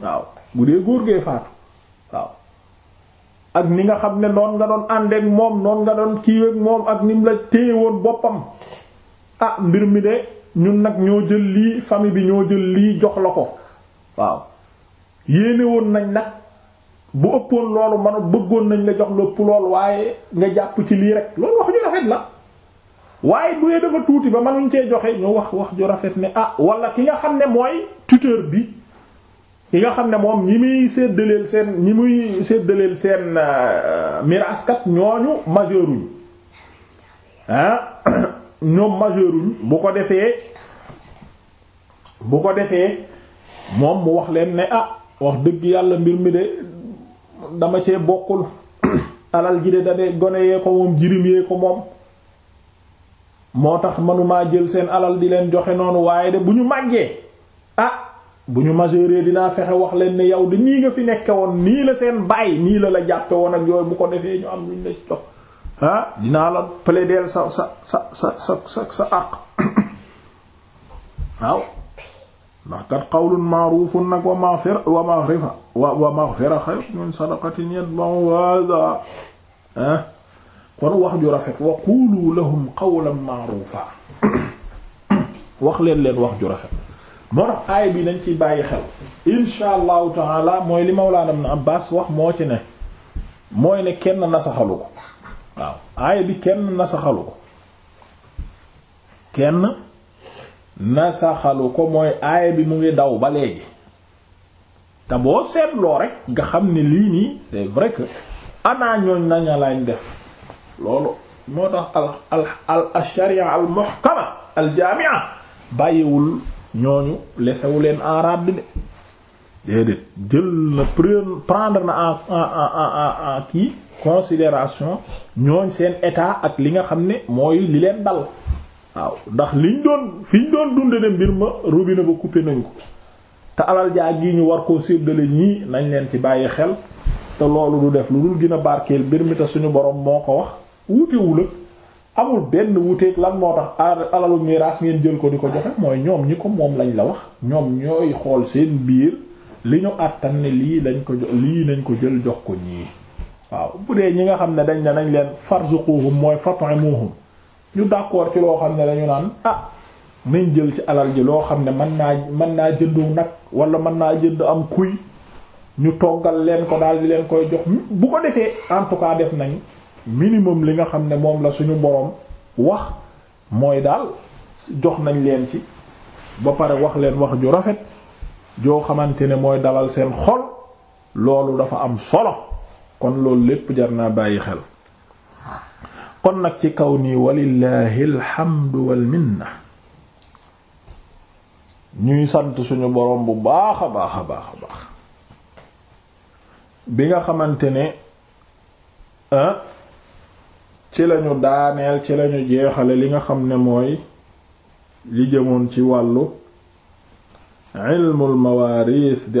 waaw bu dee góor gee faatu waaw ak ni nga xam ne noon nga doon àndeek moom noon nga doon kiiweek moom ak nim la téye woon boppam ah mbir mi de ñun nag ñoo jël lii famille bi ñoo jël lii jox la ko waaw yéene woon nañ nag bu ëppoon loolu man bëggoon nañ la jox lépp lool waaye nga jàpp ci lii rek loolu wax ju rafet la waaye bu dafa tuuti ba mënuñ cee joxe ñu wax wax ju rafet ne ah wala ki nga xam ne mooy tuteur bi ki nga xam ne moom ñi muy séddaleel seen ñi muy séddaleel seen euh, miraaskat ñooñu majeuruñ ah <coughs> ñoom majeuruñ bu ko defee bu ko defee moom mu wax leen ne ah wax dëgg yàlla mbir mi de dama cee bokkul <coughs> alal ji de dane gone yee ko moom jirim yee ko moom moo tax manumaa jël seen alal di leen joxe noonu waaye de bu ñu màggee ah, bu ñu majeure dinaa fexe wax leen ne yow di nii nga fi nekke woon nii la seen bàyyi nii la la jàppe woon ak yooyu bu ko defee ñu am luñ la jox ah dinaa la plaider sa sa sa sa sa sa sa àq <coughs> waaw ndax kat qawlun ma'rufun nag wa maghfira wa maghrifa wa maghfira xayrun min sadaqatin yatba'uha adha ah. kon wax ju rafet wa qulu lahum qawlan ma'rufa <coughs> wax leen leen wax ju rafet moo tax aaya bi dañ ci bàyyi xel insha allahu taala mooy li Mawlana Abbas wax moo ci ne mooy ne kenn nasaxalu ko waaw aaya bi kenn nasaxalu ko kenn nasaxalu ko mooy aaya bi mu ngi daw ba léegi te boo seetloo rek nga xam ni lii nii c'est vrai que anaa ñooñ naña lañ def loolu moo tax al al al al muhkama al jaami'a bàyyiwul ñooñu lesewu leen en rade de jël na prendre na en en en en kii considération ñooñ seen état ak li nga xam ne mooy li leen dal waaw ndax liñ doon fi doon dunde ne mbir ma robinet ba coupé nañ ko te alal jaa gi ñu war koo séddale ñii nañ leen ci bàyyi xel te loolu du def lu dul gën a barkeel mbir mi te suñu borom moo ko wax wuutewul amul benn wuteeg lan moo tax alalu miraas ngeen jël ko di ko joxe mooy ñoom ñi ko moom lañ la wax ñoom ñooy xool seen biir li ñu àttan ne lii lañ ko jox lii nañ ko jël jox ko ñii waaw bu dee ñi nga xam ne dañ ne nañ leen farzuquhum mooy fat'imuhum ñu d'accord ci loo xam ne dañu naan a ah, nañ jël ci alal ji loo xam ne mën naa mën naa jëndu nag wala mën naa jënd am kuy ñu toggal leen ko daal di leen koy jox hmm, bu ko defee en tout cas def nañ minimum li nga xam ne moom la suñu boroom wax mooy daal jox nañ leen ci ba pare wax leen wax ju rafet joo xamante ne mooy dalal seen xol loolu dafa am solo kon loolu lépp jar naa bàyyi xel kon nag ci kaw nii walillahi alhamdu wal minna ñuy sant suñu boroom bu baax a baax a baax bi nga xamante ne ci lañu daaneel ci lañu jeexale li nga xam ne mooy li jëmoon ci wàllu ilmul mawaaris di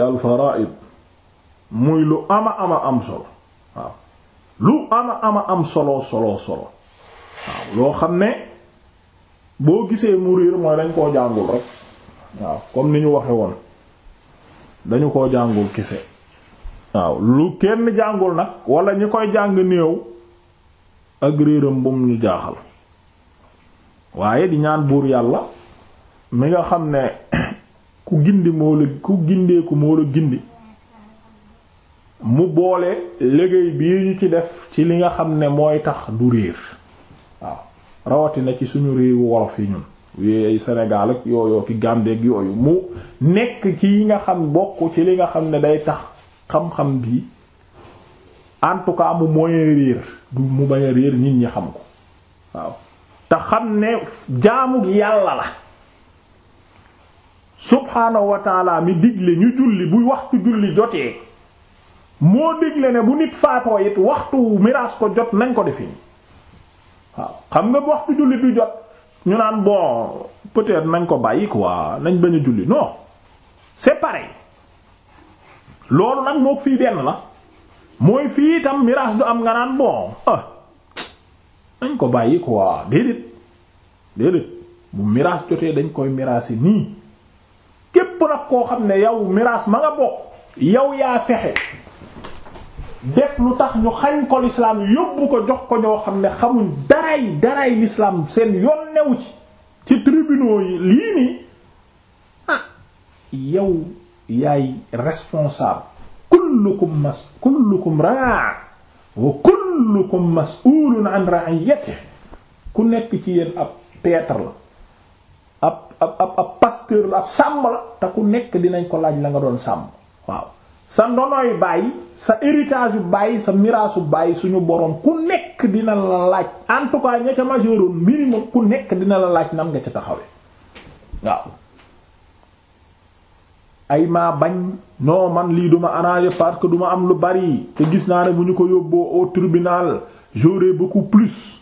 muy lu ama ama am solo waaw lu ama ama am solo solo solo waaw loo xam ne boo gisee mu riir mooy dañ koo jàngul rek waaw comme ni ñu waxe woon dañu koo jàngul kese waaw lu kenn jàngul nag wala ñi koy jàng néew ak réeram bum ñu jaaxal waaye di ñaan buur yàlla mi nga xam ne ku gindi moo la ku gindeeku moo la gindi mu boole liggéey bii ñu ci def ci li nga xam ne mooy tax du réer waaw rawatina ci suñu réew wolof yi ñun yooyu ay ak yooyu ki Gambie yooyu mu nekk ci yi nga xam bokk ci li nga xam ne day tax xam-xam bii en tout cas mu moyen réer mu bañ réer nit ñi xam ko waaw te xam ne jaamu yàlla la subhaanahu mi digle ñu julli bu waxtu julli jotee moo digle ne bu nit faatoo it waxtu miraas ko jot nañ ko defi waaw xam nga bu waxtu julli du jot ñu naan bon peut nañ ko bàyyi quoi nañ bañ a julli non c'est loolu nag mook fii benn la mooy fii itam miraas du am nga naan bon ah dañ ko bàyyi quoi déedéet déedéet bu miraas jotee dañ koy miraas yi nii képp nag koo xam ne yow miraas ma nga bokk yow yaa fexe def lu tax ñu xañ ko lislaam yóbbu ko jox ko ñoo xam ne xamuñ daray daray lislaam seen yoon new ci ci tribunaux yi lii nii ah yow yaay responsable kullukum mas kullukum raa wa kullukum mas'ulun ku nekk ci yéen ab peintre la ab ab ab pasteur la ab sàmm la te ku nekk dinañ ko laaj la nga doon sàmm waaw sa ndonoy bàyyi sa héritage yu bàyyi sa miraasu bàyyi suñu boroom ku nekk dina la laaj en tout cas ña ca majeur minimum ku nekk dina la laaj nam nga ca taxawee waaw ay ma bañ non man lii duma arranger parce que duma am lu bari te gis naa ne bu ñu ko yóbboo au tribunal bu beaucoup plus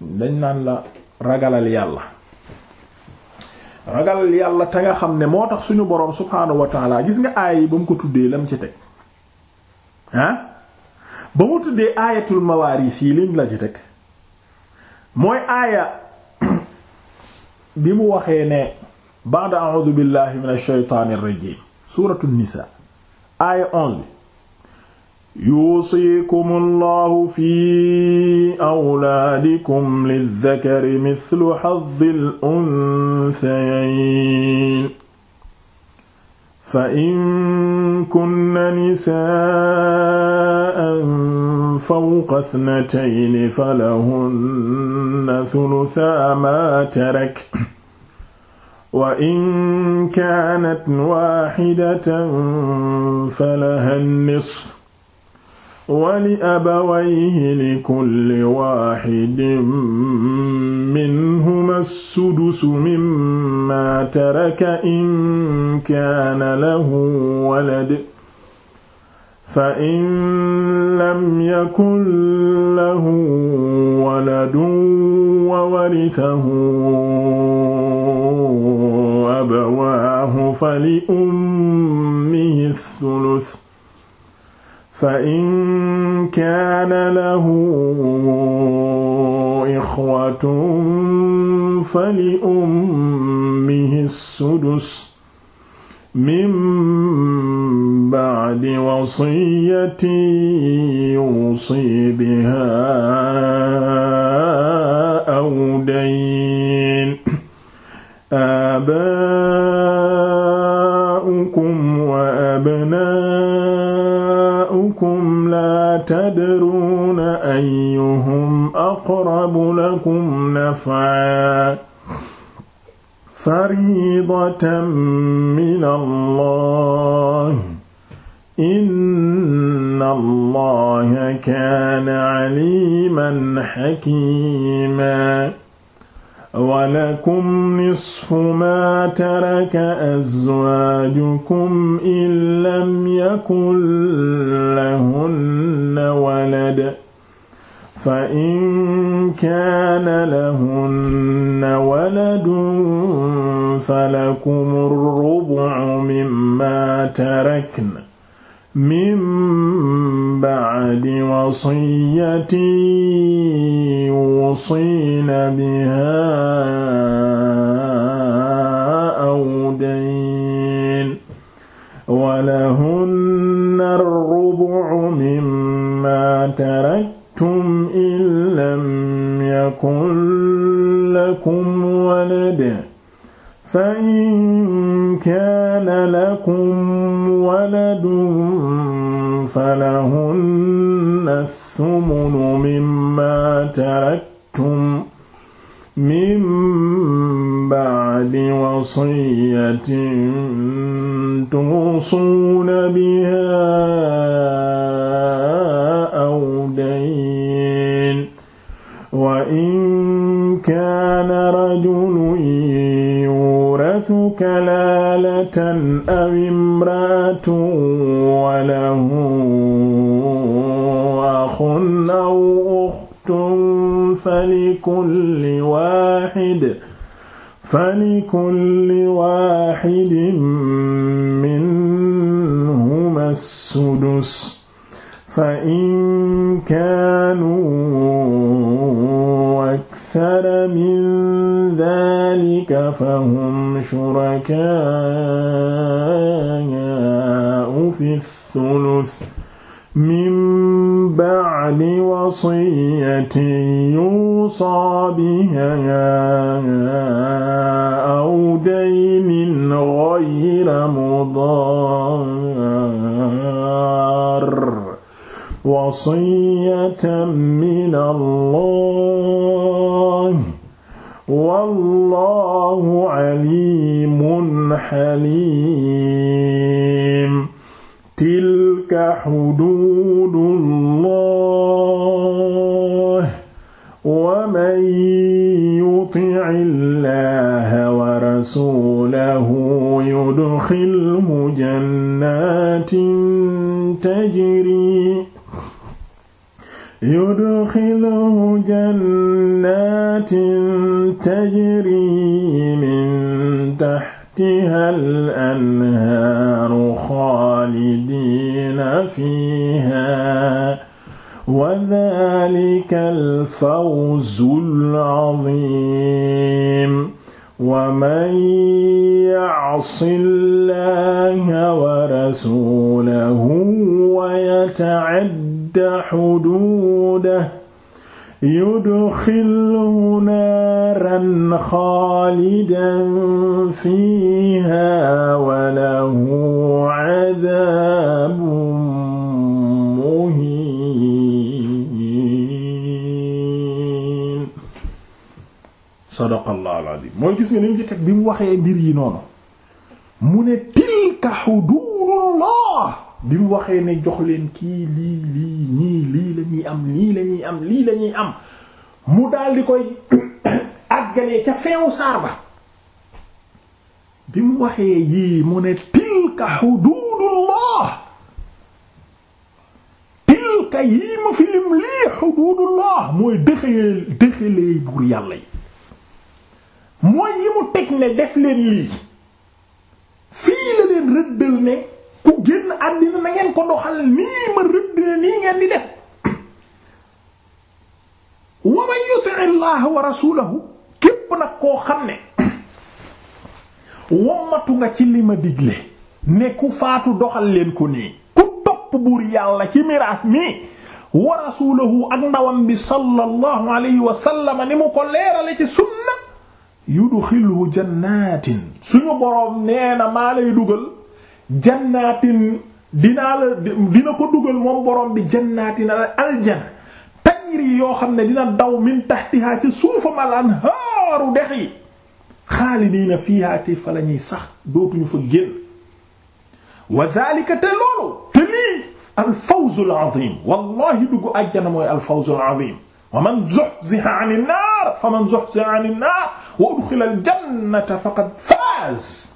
dañ naan la ragalal yàlla ragalal yàlla te nga xam ne moo tax suñu boroom subhaanahu wa gis nga aaya yi ba mu ko tuddee lam ci teg ah ba mu tuddee aayatul mawaris yi liñ la ci teg mooy aaya <coughs> bi mu waxee ne ba'da a'uudu billahi min ash-shaytaani ar-rajiim suuratu nisaa aaya 11 bi yuusiikum allahu fi awlaadikum lizzakari mithlu hazzil unsayayn فإن كن نساء فوق اثنتين فلهن ثلثا ما ترك wa in kaanat waaxidatan falaha nisf wa li abawayhi li kulli waaxidin minhuma sudus mimma taraka in kaana lahu walad fa in lam yakun lahu waladun wa warithahu fali ummihi sulus fa in kaana lahu ixwatun fali ummihi sudus min ba'di wasiyati yusi biha aw dayn aqrabu lakum naf'a fariidatan min Allah inna Allah kaana aliman hakiima walakum nisfu maa taraka azwaajukum in lam yakun lahunna walad fa in kaana lahunna waladun falakum ar-rubu'u mimma tarakna min ba'di wasiyatin yusiina bihaa aw dayn walahunna ar-rubu'u mimma tarakna yakun lakum walad fa in kaana lakum waladun falahunna thumunu mimma taraktum min ba'di wasiyatin tusuuna biha rajulu yurasu kalaalatan aw imraatu wa lahu axun aw uxtun falikulli waaxid falikulli waaxidin minhumaa sudus fa in kaanuu akthara min dhalika fahum shurakaa'u fi thuluth min ba'di wasiyatin yuusaa bihaa aw daynin ghayra mudaar wasiyatan min Allah wallahu alimun halim tilka hududullah wa man yuti'i llaha wa rasulahu yudkhilhu jannatin tajri yudxilhu jannatin tajri min taxtiha al anhaaru xaalidiina fiiha wa daalika al fawzu al aziim wa man ya'si llaaha wa rasuulahu wa yata'adda yata'adda xuduudahu yudxilhu naaran xaalidan fiihaa wa lahu cadaabun muhiin. sadaqallaahu al-aziim mooy gis nga ni mu ci teg bi mu waxee mbir yi noonu mu ne tilka xuduudullaah bi mu waxee ne jox leen kii lii lii ñii lii la ñuy am nii la ñuy am lii lañuy am mu daldi koy <coughs> àggalee ca feewu saar ba bi mu waxee yii mu ne tilka xuduudullah tilka yii ma fi lii xuduudullah mooy dëxëyee dëxëlee buur yàlla yi mooy yi mu teg ne def leen lii fii la leen rëddal ne ku génn àddina na ko doxal nii ma rëdd nii ngeen di def wa man yuti llaha wa rasulahu képp nag koo xam ne wommatu nga ci li ma digle ne ku faatu doxal leen ko nii ku topp buur yàlla ci miraas mi wa rasulahu ak ndawam bi sallallahu alayhi wa sallam ni mu ko leerale ci sunna yudxilhu jannatin suñu boroom nee na maa lay dugal jannaatin dinaa la dina ko dugal moom borom bi jannaatin aljana tajri yoo xam ne dina daw min tahtiha ci suufam al anhaaru dex yi xaalidiina fiihaa te fa la ñuy sax dootuñu fa génn wa daalika te loolu te lii alfawzul azim wallahi dugg àjjana mooy alfawzul azim wa man zuhziha anin naar fa man zuhziha anin naar wa udxila aljannata faqad faaz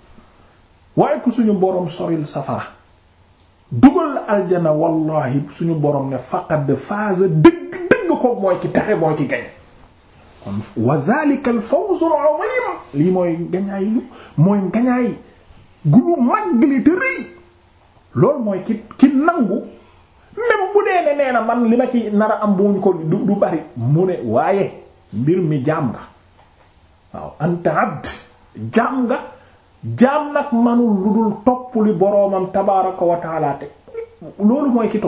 waaye ku suñu boroom soril safara dugal la aljana wallahi suñu boroom ne faqad faza dëgg dëgg ko mooy ki taxe mooy ki gañ kon wa dhalika al fawz al azim lii mooy gañaay lu na am buñ ko mbir mi jaam nga waaw anta abd jaam nga jaam nag manul lu dul topp li boroomam tabaaraka wa te loolu mooy ki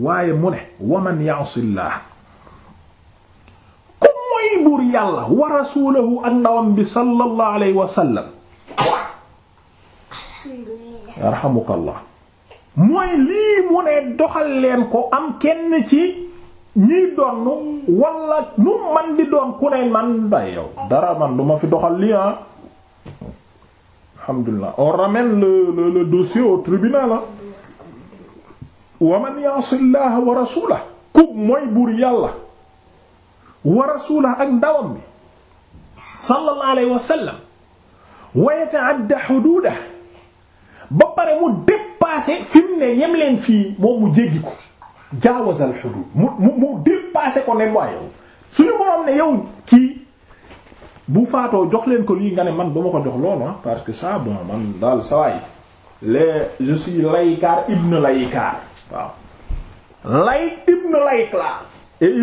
waaye mu ne waman ya'sillah ku mooy buur yàlla wa rasuulahu ak ndawam bi sallallahu alayhi wa sallam yarhamukallah mu ne doxal leen ko am kenn ci ñiy donn wala nu man di doon ku ne man day yow dara man duma fi doxal lii ah alhamdulilah on ramène le, le, le dossier au tribunal ah wa man ya'sillaha ku mooy buur yàlla wa rasulahu ak ndawam bi sallallahu alayhi wa sallam wa yata'adda hududah ba pare mu dépasser fi boobu ne yem leen mu jéggi ko jaawazal hudud mu mu mu dépasser ne yow kii bu faatoo jox leen ko lii nga ne man duma ko jox loolu ah parce que ça bon man daal sawaay les je suis laykaar ibn laykaar waaw lay ibn layk la et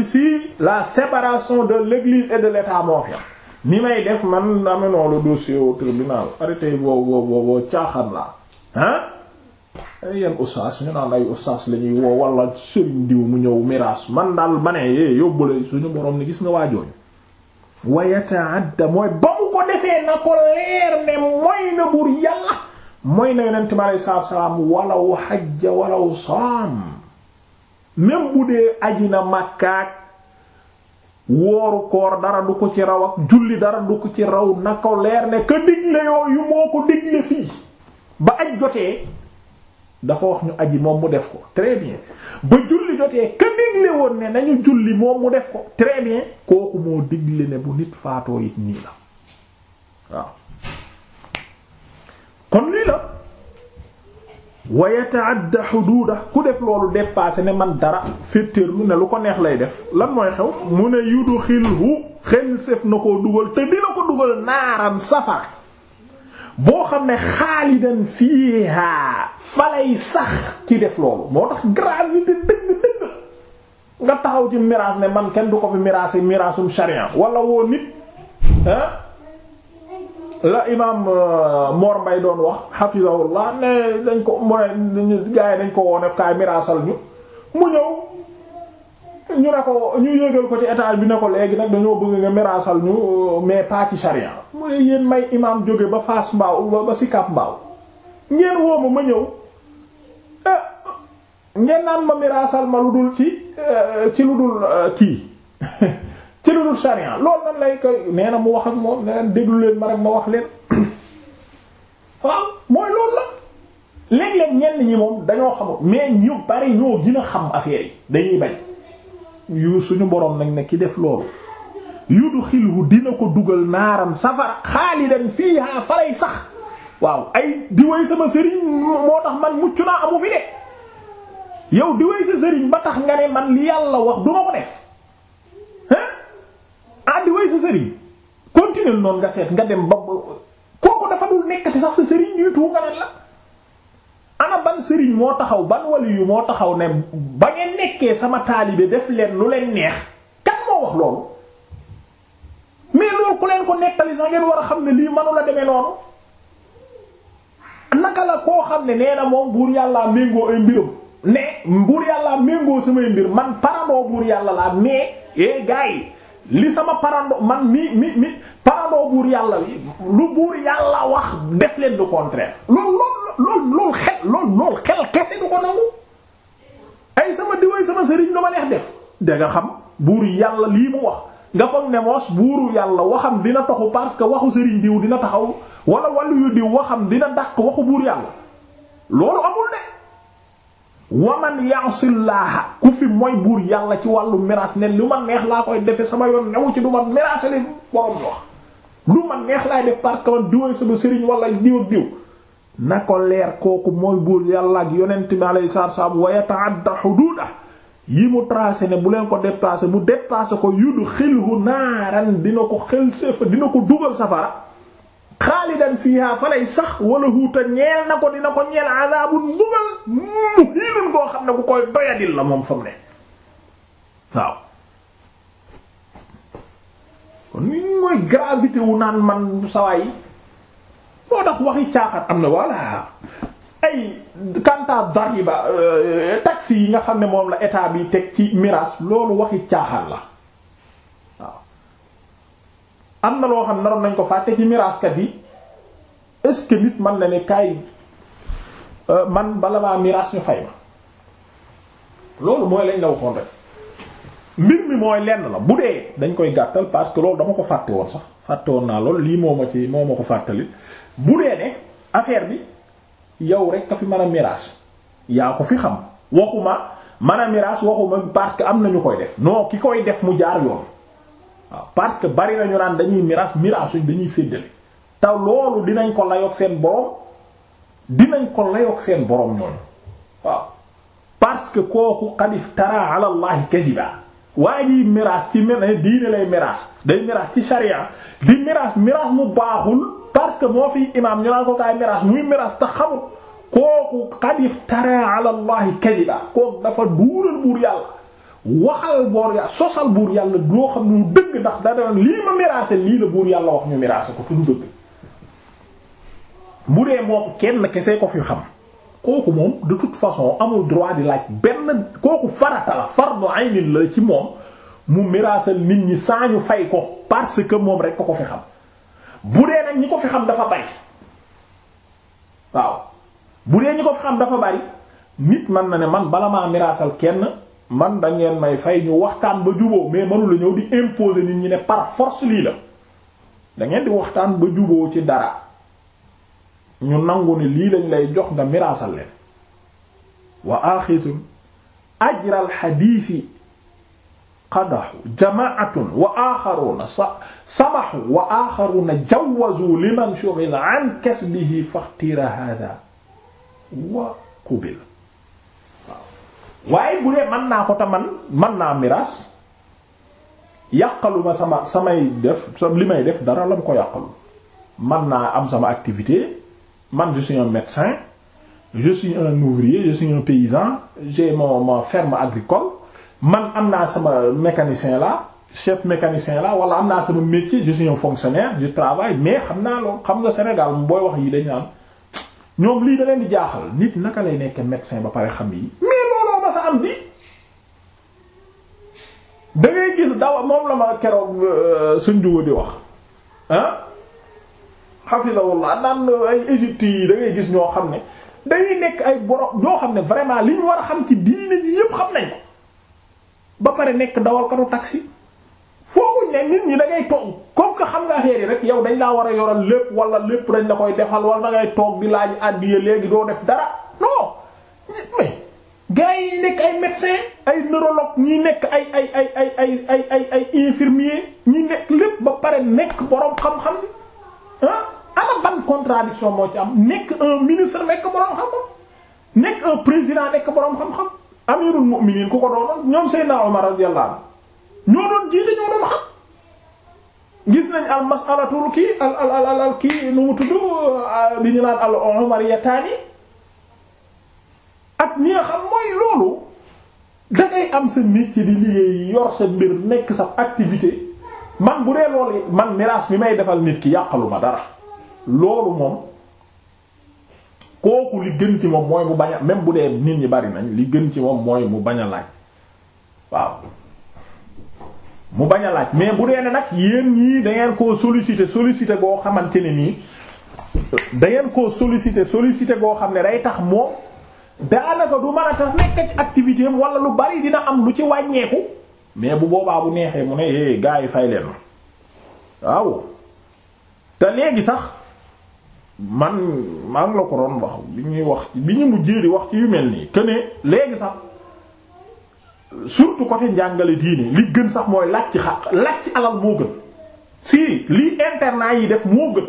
la séparation de l'église et de l'état moo ni may def man amenoo le dossier au tribunal arrêté boo boo boo caaxaan laa ah eh, yan ñu naan ay ustaas la ñuy woo wala sëriñ diw mu ñëw miraas man daal ma ne eh, yóbbule suñu borom ni gis nga waajooñ wa yataadda mooy ba mu ko defee na ko leer ne mooy na buur yàlla mooy na yonent bi aleyhi salaatu salaam walaw xajja walaw saam même bu dee aji na màkkaak wooru koor dara du ko ci raw ak julli dara du ko ci raw na ko leer ne ka digle yooyu moo ko digle fii ba aj jotee dafa wax ñu aji moom mu def ko très bien ba julli jotee ka digle woon ne nañu julli moom mu def ko très kooku moo digle ne bu nit faatoo it nii la waaw kon lii la wa yataadda xuduuda ku def loolu dépassé ne man dara féttéerlu ne lu ko neex lay def lan mooy xew mu ne yudu xilhu xen na koo dugal te dina ko dugal naaran safar boo xam ne xaalidan fiihaa falay sax ci def loolu moo tax gravité dëgg-dëgg nga taxaw ci miraas ne man kenn du ko fi miraas yi miraasum sharia wala woo nit ah la imaam euh, Mor Mbay doon wax hafizahullah ne dañ ko mu ne dañ ko woone kaay miraasal ñu mu ñëw ñu ne ko ñu yëgal ko ci étage bi ne ko léegi nag dañoo bëgg nga miraasal ñu euh, mais pas ci mu ne yéen may imaam jóge ba fas mbaaw ba Sicap mbaaw ngeen woo ma ma ñëw eh, ngeen naan ma miraasal ma lu dul ci eh, ci lu dul eh, kii <laughs> ci lu dul sharia loolu nan lay koy nee na mu wax ak moom nee déglu leen ma rek ma wax leen <coughs> mooy loolu la léeg-léeg ñenn ñi moom dañoo xamul mais ñu bari ñoo gën xam affaire yi dañuy bañ yu suñu borom nag ne ki def loolu. yudxilhu dina ko dugal naaram safara xaalidan fiiha faray sax waaw ay diway sama sëriñ moo tax man mucc naa amu fi de yow diway sa sëriñ ba tax nga ne man li yàlla wax du ma ko def hein ah diway sa sëriñ continuer noonu nga seet nga dem ba ko dafa dul nekkati sax sa sëriñ yu tuut nga ne la ana ban sëriñ moo taxaw ban waliyu moo taxaw ne ba ngeen nekkee sama taalibe def leen lu leen neex kan moo wax loolu mais loolu ku leen ko nettali sax ngeen war a xam ne lii mënu la demee noonu naka la koo xam ne nee na moom buur yàlla méngoo ay mbiram ne buur yàllaa méngoo samay mbir man parandoo buur yàlla laa mais eh gars li sama parando man mi mi mi parandoo buur yàlla wi lu buur yàlla wax def leen du contraire loolu loolu loolu xel loolu xel kese du ko nangu ay sama diway sama sëriñ lu ma neex def da xam buur yàlla lii mu wax nga foog ne moos buuru yàlla waxam dina taxu parce que waxu sëriñ diw dina taxaw wala wàllu yu diw waxam dina dàq waxu buur yàlla loolu amul de waman yaasillaaha ku fi mooy buur yàlla ci wàllu miraas ne lu ma neex laa koy defe sama yoon newu ci du ma miraas li borom wax lu ma neex laay def parce que man diwa sama sëriñ wala diw ak diw na ko leer kooku mooy buur yàlla ak yonent bi alayhi salaatu wa salaam wa yata'adda yii mu tracé ne bu leen ko déplacé bu déplacé ko yudd xilhu naaran dina ko xel sefa dina ko dugal safara xaalidan fiha fa lay sax wala huuta ñeel na ko dina ko ñeel adabun mbugal muhiinun koo xam ne bu koy doyadil la moom famu ne waaw kon mooy gravité naan man sawaay moo tax waxi caaxaan am na walla ay kanta dariba euh, taxi yi nga xam ne moom la état bi teg ci miraas loolu waxi caaxaan la waaw am na loo xam ne naroon nañ ko fàtte ci miraaskat yi est-ce que nit man na ne kaay euh, man bala maa miraas ñu fay ma loolu mooy lañ la waxoon rek mbir mi mooy lenn la bu dee dañ koy gàttal parce que loolu dama ko fàtte woon sax fàtte woon naa loolu lii moo ma ci moo ma ko fàttali bu dee ne affaire bi yow rek ka fi mën miraas yaa ko fi xam waxuma mën miraas waxuma parce que am na ñu koy def non ki koy def mu jaar yoon waaw parce que bari nañu naan dañuy miraas miraasuñ dañuy séddale te loolu dinañ ko layoog seen borom dinañ ko layoog seen boroom ñooñu waaw parce que kooku xadif tara ala llahi kasiba waa miraas ci diine lay miraas day miraas ci sharia di miraas miraas mu baaxul parce que moo fi imaam ñu naan ko kaay miraas muy miraas te xamul kooku xadif tara ala kadiba kooku dafa duural buur yàlla waxal boor yàlla sosal buur yàlla doo xam ne lu dëgg ndax da lii ma miraase lii la buur yàlla wax ñu miraase ko tudd dëgg bu dee moom kenn kese ko fi xam kooku moom de toute façon amul droit di laaj benn kooku farata la fardu ayni la ci moom mu miraasal nit ñi saa ñu fay ko parce que moom rek ko ko fi xam bu dee nag ñi ko fi xam dafa bari waaw bu dee ñi ko fi xam dafa bari nit man na ne man bala maa miraasal kenn man dangeen may fay ñu waxtaan ba juboo mais mënu la ñëw di imposer nit ñi ne par force lii la dangeen di waxtaan ba juboo ci dara ñu nangu ne lii lañ lay jox nga miraasal leen wa axitum ajral xadiisi qadaxu jamaatun wa axaruna samaxu wa axaruna jawazu liman shughila an kasbihi faxtira hada wa qubil waaye bu dee mën naa ko te man mën naa miraas yàqaluma sama samay def li may def dara la mu ko yàqalu mën naa am sama activité man je suis un médecin je suis un ouvrier je suis un paysan j'ai ma ma ferme agricole man am naa sama mécanicien la chef mécanicien la wala am naa sama métier je suis un fonctionnaire je travaille mais xam naa loolu xam nga Sénégal mu booy wax yi dañ naan ñoom lii da leen di jaaxal nit naka lay nekk médecin ba pare xam yi mais looloo ma gis daw moom la ma keroog euh, suñ juwa di wax ah hafizahullah naan ay Égypte yi da ngay gis ñoo xam ne dañuy nekk ay borom ñoo xam ne vraiment li ñu war a xam ci diine ji yépp xam nañ ko ba pare nekk dawalkatu taxi fooguñ ne nit ñi da ngay toog comme que xam nga affaire yi rek yow dañ laa war a yoral lépp wala lépp dañ la koy defal wala da ngay toog di laaj àddiya léegi doo def dara non mais gars yi nekk ay médecin ay neurologue ñi nekk ay ay ay ay ay ay ay ay infirmier ñi nekk lépp ba pare nekk borom xam-xam ah ana ban contradiction moo ci am nekk un ministre nekk borom xam-xam nekk un président nekk borom xam-xam. amirul mu'minin ku ko doonoon ñoom Seydina Omar radiyallahu anhu ñoo doon jiite ñoo doon xam gis nañ al masalatul kii al al al al kii nu mu tudd bi euh, ñu naan al umariyataani ak ñi a xam mooy loolu dangay am sa métier di liggéey yor sa mbir nekk sa activité man bu dee loolu man miraas bi may defal nit ki yàqalu ma dara loolu moom kooku li gën ci moom mooy mu bañ a même bu dee nit ñi bari nañ li gën ci moom mooy mu bañ a laaj waaw mu bañ a laaj mais bu dee ne nag yéen yii da ngeen koo solliciter solliciter boo xamante ne nii dangeen ngeen koo solliciter solliciter boo xam ne day tax moom daanaka du mën a tax nekk ci activité am wala lu bari dina am lu ci wàññeeku mais bu boobaa bu neexee mu ne eh yi fay leen waaw te léegi sax. man maa la ko doon wax bi ñuy wax bi ñu mujjee di wax ci yu mel nii que léegi sax surtout côté njàngale diine li gën sax mooy laaj ci xaq laaj ci alal moo gën si lii internat yi def moo gën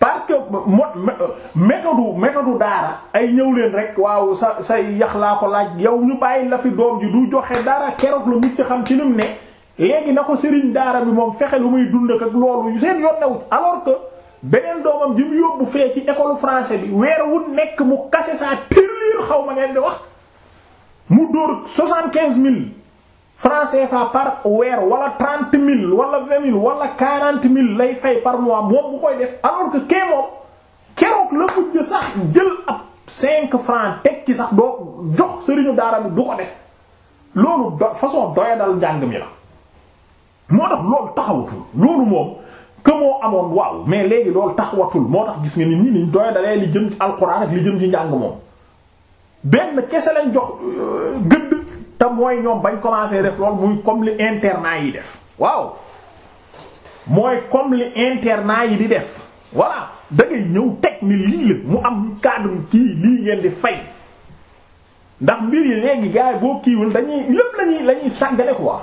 parce que méthode méthode daara ay ñëw leen rek waaw sa sa yax laa ko laaj yow ñu bàyyi la fi doom ji du joxe dara keroog la ci xam ci lim ne léegi na ko sëriñ daara bi moom fexe lu muy dund ak loolu seen yoon new alors que beneen doomam bi mu yóbbu fee ci école français bi weer wu nekk mu kase saa tirelire xaw ma ngeen di wax mu dóor soixante-quinze mille francs CFA par weer wala trente mille wala vingt mille wala quarante mille lay fay par mois moom bu koy def alors que kee moom keroog la mujj sax jël ab cinq francs teg ci sax doo jox sëriñu daara du ko def loolu façon doyadal njàng mi la moo tax loolu taxawatul loolu moom. que amoon waaw mais léegi loolu taxawatul moo tax gis nga nit ñi niñ doy dalee li jëm ci alxuraan ak li jëm ci njàng moom benn kese lañ jox euh, gëdd te mooy ñoom bañ commencé def lool muy comme li internat yi def waaw mooy comme li internat yi di def voilà da ñëw teg ni lii la mu am cadre kii lii ngeen di fay ndax mbir yi léegi gars boo kiiwul dañuy lépp lañuy la ñuy sàggale quoi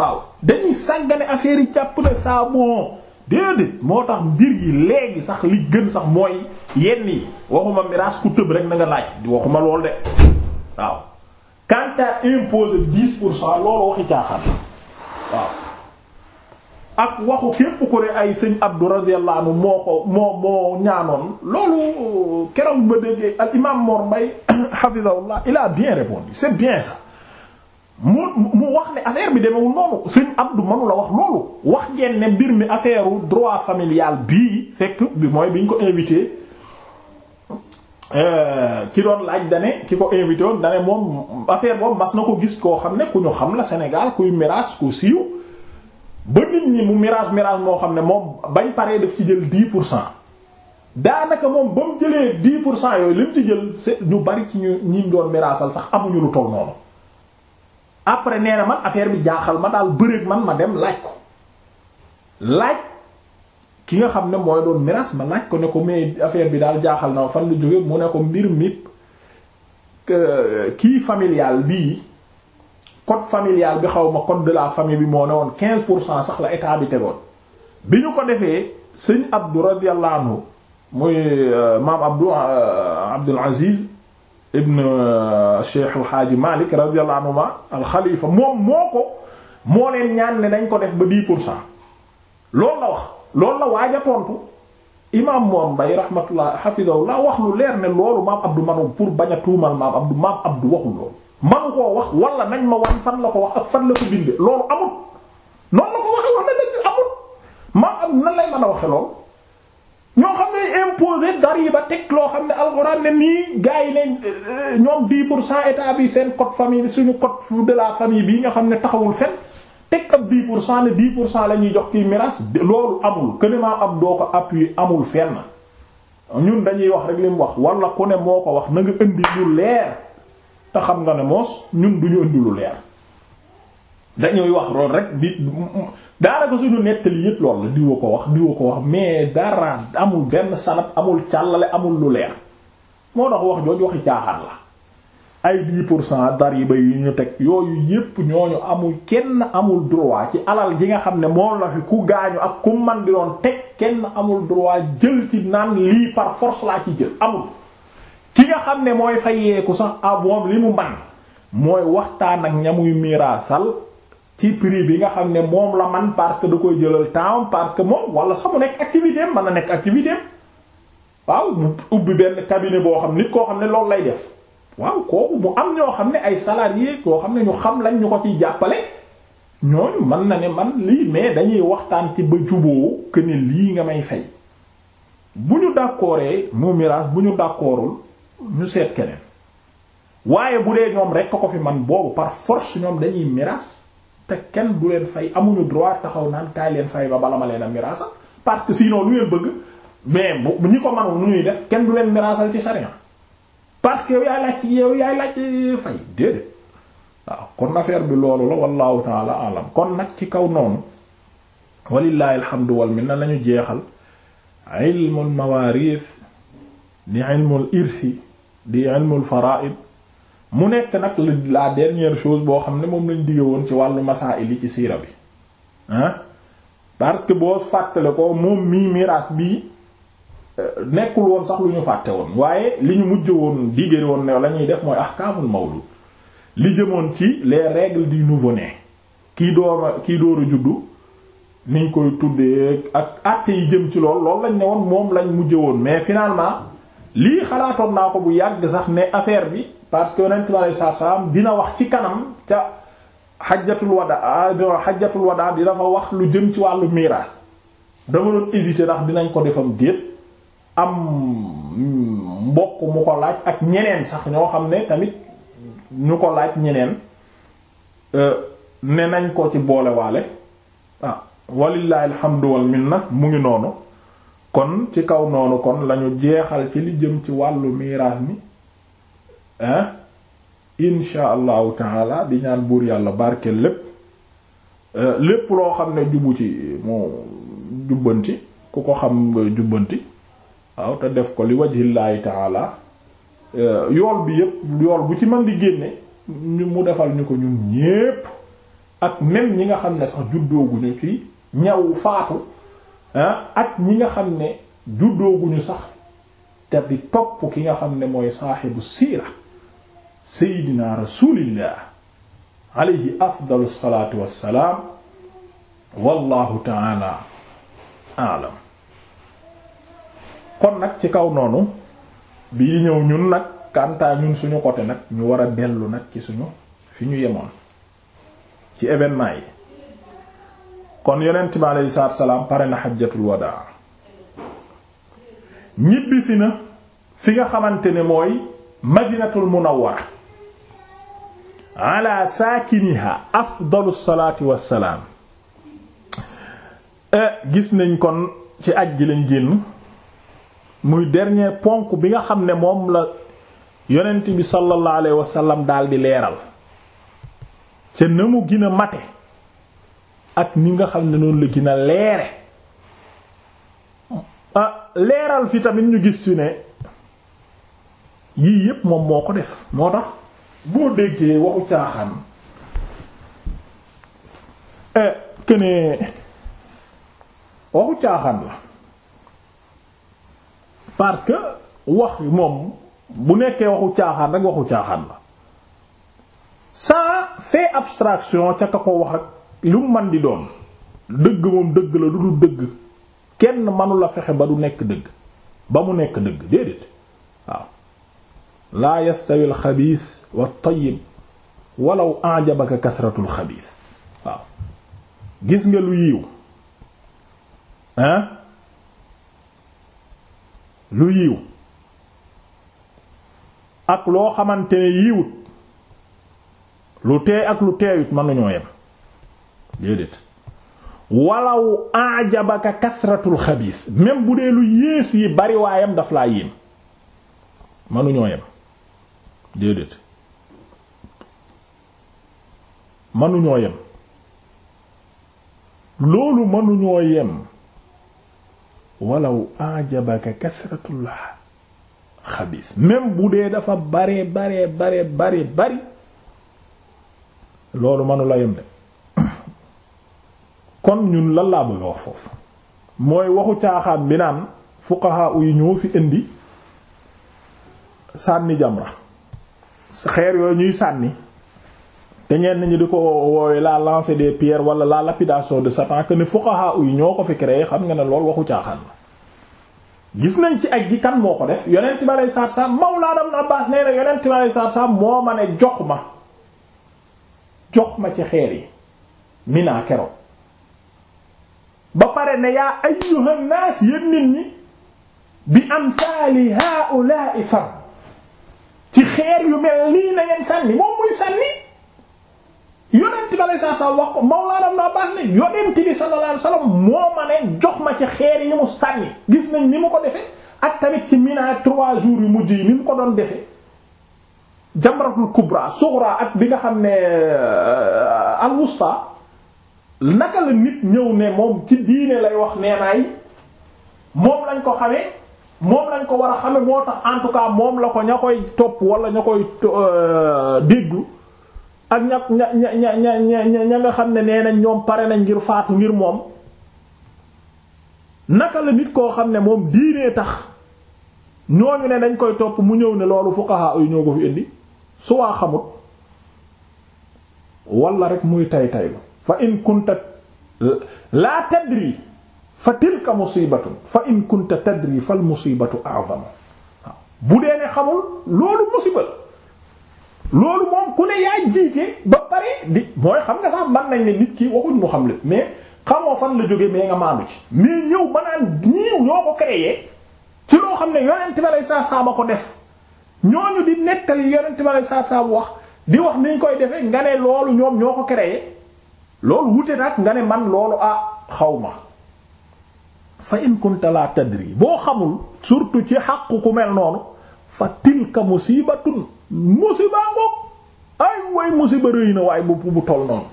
waaw dañuy sàggane affaire yi jàpp na saa bon moo tax mbir yi léegi sax li gën sax mooy yenn yi waxuma miraas ku tëb rek na nga laaj waxuma lool de waaw quant à imposer pour cent loolu waxi caaxaan waaw ak waxu képp ku ne ay sëñ Abdou radiyallahu moo ko moo moo ñaanoon loolu keroog ba déggee al imam Mor Mbaye <coughs> hafizahullah a bien répondu c'est bien ça mu mu wax ne affaire bi demewul noonu sëñ Abdou mënu la wax loolu wax ngeen ne mbir mi affaire droit familial bii fekk bi mooy bi ñu ko invité ci euh, doon laaj dane ki ko invité woon dane moom affaire boobu mas na ko gis koo xam ne ku ñu xam la Sénégal kuy miraas ku siiw ba nit ñi mu miraas miraas moo xam ne moom bañ paree daf ci jël 10 pour cent daanaka moom ba mu jëlee 10 pour cent yooyu li mu ci jël se ñu bari ci ñu ñi doon miraasal sax amuñu lu toll après nee na man affaire bi jaaxal ma daal bëreeg man ma dem laaj ko laaj ki nga xam ne mooy doon miraas ma laaj ko ne ko mais affaire bi daal jaaxal na fan lu jóge mu ne ko mbir mi kii familial bii code familial bi xaw ma code de la famille bi moo ne woon quinze pour cent sax la état bi tegoon bi ñu ko defee sëñ Abdou radiyallahu anhu muy euh, maam Abdou euh, Abdul Aziz ibn euh, Cheikh Hadji Malick radiyallahu anhuma alxalifa moom moo ko moo leen ñaan ne nañ ko def ba dii pour cent loolu la wax loolu la waaj a tontu imaam moom Mbaye rahmatullah hafidahullah wax lu leer ne loolu maam Abdou manu pour bañ a tuumal maam Abdou maam Abdou waxul loolu. manu koo wax wala nañ ma wan fan la ko wax ak fan la ko bindee loolu amut noonu la ko waxee wax ne dañ amut maam Abdou nan lay mën a waxee loolu. ñoo xam ne imposé dariba teg loo xam ne alxuraan ne nii gars yi ne euh, ñoom 10 pour cent état bi seen code famille suñu code de la famille bii nga xam ne taxawul fen teg ab 10 pour cent ne 10 pour cent la ñuy jox kii miraas loolu amul que ne maa ab doo ko appuyer amul na ñun dañuy wax rek li wax wala ku ne moo ko wax na nga indi lu leer te xam nga ne moos ñun du ñu indi lu leer dañuy wax loolu rek daanaka suñu nettali yépp loolu la diwa ko wax diwa ko wax mais dara amul benn sanad amul càllale amul lu leer moo tax wax jooju waxi caaxaan la ay 10 pour cent dariba yi ñu teg yooyu yépp ñooñu amul kenn amul droit ci alal ji nga xam ne moo la ku gaañu ak ku man di doon teg kenn amul droit jël ci naan lii par laa ci jël amul ki nga xam ne mooy fayeeku sax aboom li mu man mooy waxtaan ak ñamuy sal ci prix bi nga xam ne moom la man parce que da koy jëlal temps parce que moom wala sax mu nekk activité am na nekk activité am waaw mu ubbi benn cabinet boo xam nit koo xam ne loolu lay def waaw kooku mu am ñoo xam ne ay salariés koo xam ne ñu xam lañ ñu ko ciy jàppale ñooñu man na ne man lii mais dañuy waxtaan ci ba juboo que ne lii nga may fay bu ñu d'accordee mu miraas bu ñu d'accordul ñu seet keneen waaye bu dee ñoom rek ko fi man boobu par force ñoom dañuy miraas te kenn du leen fay amuñu droit taxaw naan kaay leen fay ba bala ma leen a miraasa parce que sinon lu ngeen bëgg mais bu ñi ko mënoon nu ñuy def kenn du leen miraasal ci sharia parce que yaay laaj yow yaay laaj fay déedéet waaw kon affaire bi loolu la wallahu taala alam kon nag ci kaw noonu walillahi alhamdu wal lañu jeexal ilmul mawaris di ilmul irsi di ilmul fara'id mu nekk nag la dernière chose boo xam ne moom lañ digee woon ci wàllu masaa'il yi ci siira bi ah parce que boo fàttale ko moom mii miraas bi euh, nekkul woon sax lu ñu fàtte woon waaye li ñu mujj woon digge woon ne la ñuy def mooy ahkaamul mawlud li jëmoon ci les règles du nouveau-né kii door kii door a juddu niñ koy tuddee ak acte yi jëm ci lool loolu lañ ne woon moom lañ mujj woon mais finalement lii xalaatoon naa ko bu yàgg sax ne affaire bi parce que yonent bi alayhi salaam dina wax ci kanam ca xajjatul wadaa ah, xajjatul wadaa dina fa wax lu jëm ci wàllu miraas dama doon hésiter ndax dinañ ko defam déet am mbokk mu ko laaj ak ñeneen sax ñoo xam ne tamit ñu ko laaj ñeneen euh, ne nañ ko ci boolewaale ah walillahi alhamdu wal minna mu ngi noonu kon ci kaw noonu kon lañu jeexal ci li jëm ci wàllu miraas mi ah insha allahu taala di ñaan buur yàlla barkeel lépp euh, lépp loo xam ne jubu ci moo jubbanti ku ko xam nga jubbanti waaw te def ko li wajhillaahi taala euh, yool bi yépp yool bu ci man di génne ñu mu defal ñu ko ñun ñépp ak même ñi nga xam ne sax juddooguñu ci ñaw faatu ak ñi nga xam ne juddooguñu sax te di topp ki nga xam ne mooy saaxibu siira seydina rasulillah alayhi afdalu salaatu wassalaam wallahu taala alam kon nag ci kaw noonu bi di ñëw ñun nag kantaa ñun suñu côté nag ñu war a dellu nag ci suñu fi ñu yemoon ci événement yi kon yonent bi aleyhi salaam pare na xajjatul wadaa ñibbisi na fi nga xamante ne mooy madinatul munawwara ala saakiniha afdalu salaati wassalaam eh, gis nañ kon ci aj ji lañ génn muy dernier ponk bi nga xam ne moom la yonent bi sallallahu alayhi wasallam dal di leeral ca na mu gën mate ak ni nga xam ne noonu la gën a leere ah, leeral fi tamit ñu gis si ne yii yépp moom moo ko def moo tax boo déggee waxu caaxaan eh, que ne waxu caaxaan la parce que wax moom bu nekkee waxu caaxaan rek waxu caaxaan la ça fait abstraction ca ka ko wax ak lu mu man di doon dëgg moom dëgg la du du dëgg kenn mënu fexe ba du nekk dëgg ba mu nekk dëgg déedéet waaw laa yastawi alxabiis wa tayyib walaw ajabaka kasratul xabiis waaw gis nga lu yiw hein lu yiw ak loo xamante ne yiwut lu teey ak lu teeyut mënuñoo yem déedéet walaw ajabaka kasratul xabiis même bu dee lu yées yi bari daf laa yéem mënuñoo yem déedéet mënuñoo yem loolu mënuñoo yem walaw ajabaka kasratullah xabis même bu dee dafa bare bare bare bare bari loolu mënula yem de <coughs> kon ñun lan laa bëgg wax foofu mooy waxu caaxaat bi naan yi ñoo fi indi sànni jamra xeer yooyu ñuy sànni te ñenn ñi di ko woowee la lancer des pierres wala la lapidation de Satan que ne fuqaha yi ñoo ko fi créé xam nga ne loolu waxu caaxaan la. gis nañ ci aj gi kan moo ko def yonent bi aleyhi salaatu salaam Mawlaana Ibn ma ne jox ma jox ma ci xeer yi mina keroog ba pare ne yaa ayyuhan naas yéen nit ñi bi amsaali haa'ulaa'i far ci xeer yu mel nii na ngeen sànni moom muy sànni yonent bi alayhi salaam wax ko Mawlaana Ibn Abbaas ne yonent bi sallallahu alayhi wasallam moo ma jox ma ci xeer yi mu sànni gis nañ ni mu ko defee ak tamit ci Mina trois jours yu mujj yi ni mu ko doon defee jamratul kubra sughra ak bi nga xam ne euh, al-wusta naka la nit ñëw ne moom ci diine lay wax neenaay moom lañ ko xawee moom lañ ko war a xame moo tax en tout cas moom la ko ña koy topp wala ña koy euh, déggu ak ña ña ña ña ña ña nga xam ne nee nañ ñoom pare nañ ngir faatu ngir moom naka la nit koo xam ne moom diinee tax ñooñu ne dañ koy topp mu ñëw ne loolu fuqaha yu ñoo ko fi indi su waa xamut wala rek muy tay tay fa in kunta la tadri fa tilka musibatun fa in kunta tadri fal musibatu a'zamu waaw bu dee ne xamul loolu musiba loolu moom ku ne yaa jiite ba pare di mooy xam nga sax man nañ ne nit ki waxuñ mu xam lépp mais xamoo fan la jógee mais nga maandu ci mais ñëw ba naan ñoo ko créé ci loo xam ne yonent ba lay saa saaba ko def ñooñu di nettali yonent ba lay saa saabu wax di wax niñ koy defee nga ne loolu ñoom ñoo ko créé loolu wute nag nga ne man loolu ah xaw ma. fa in kunta la tadri boo xamul surtout ci xàqu ku mel noonu fa tilka musibatun musiba ngoog ay way musiba rëy na waaye bu bu toll noonu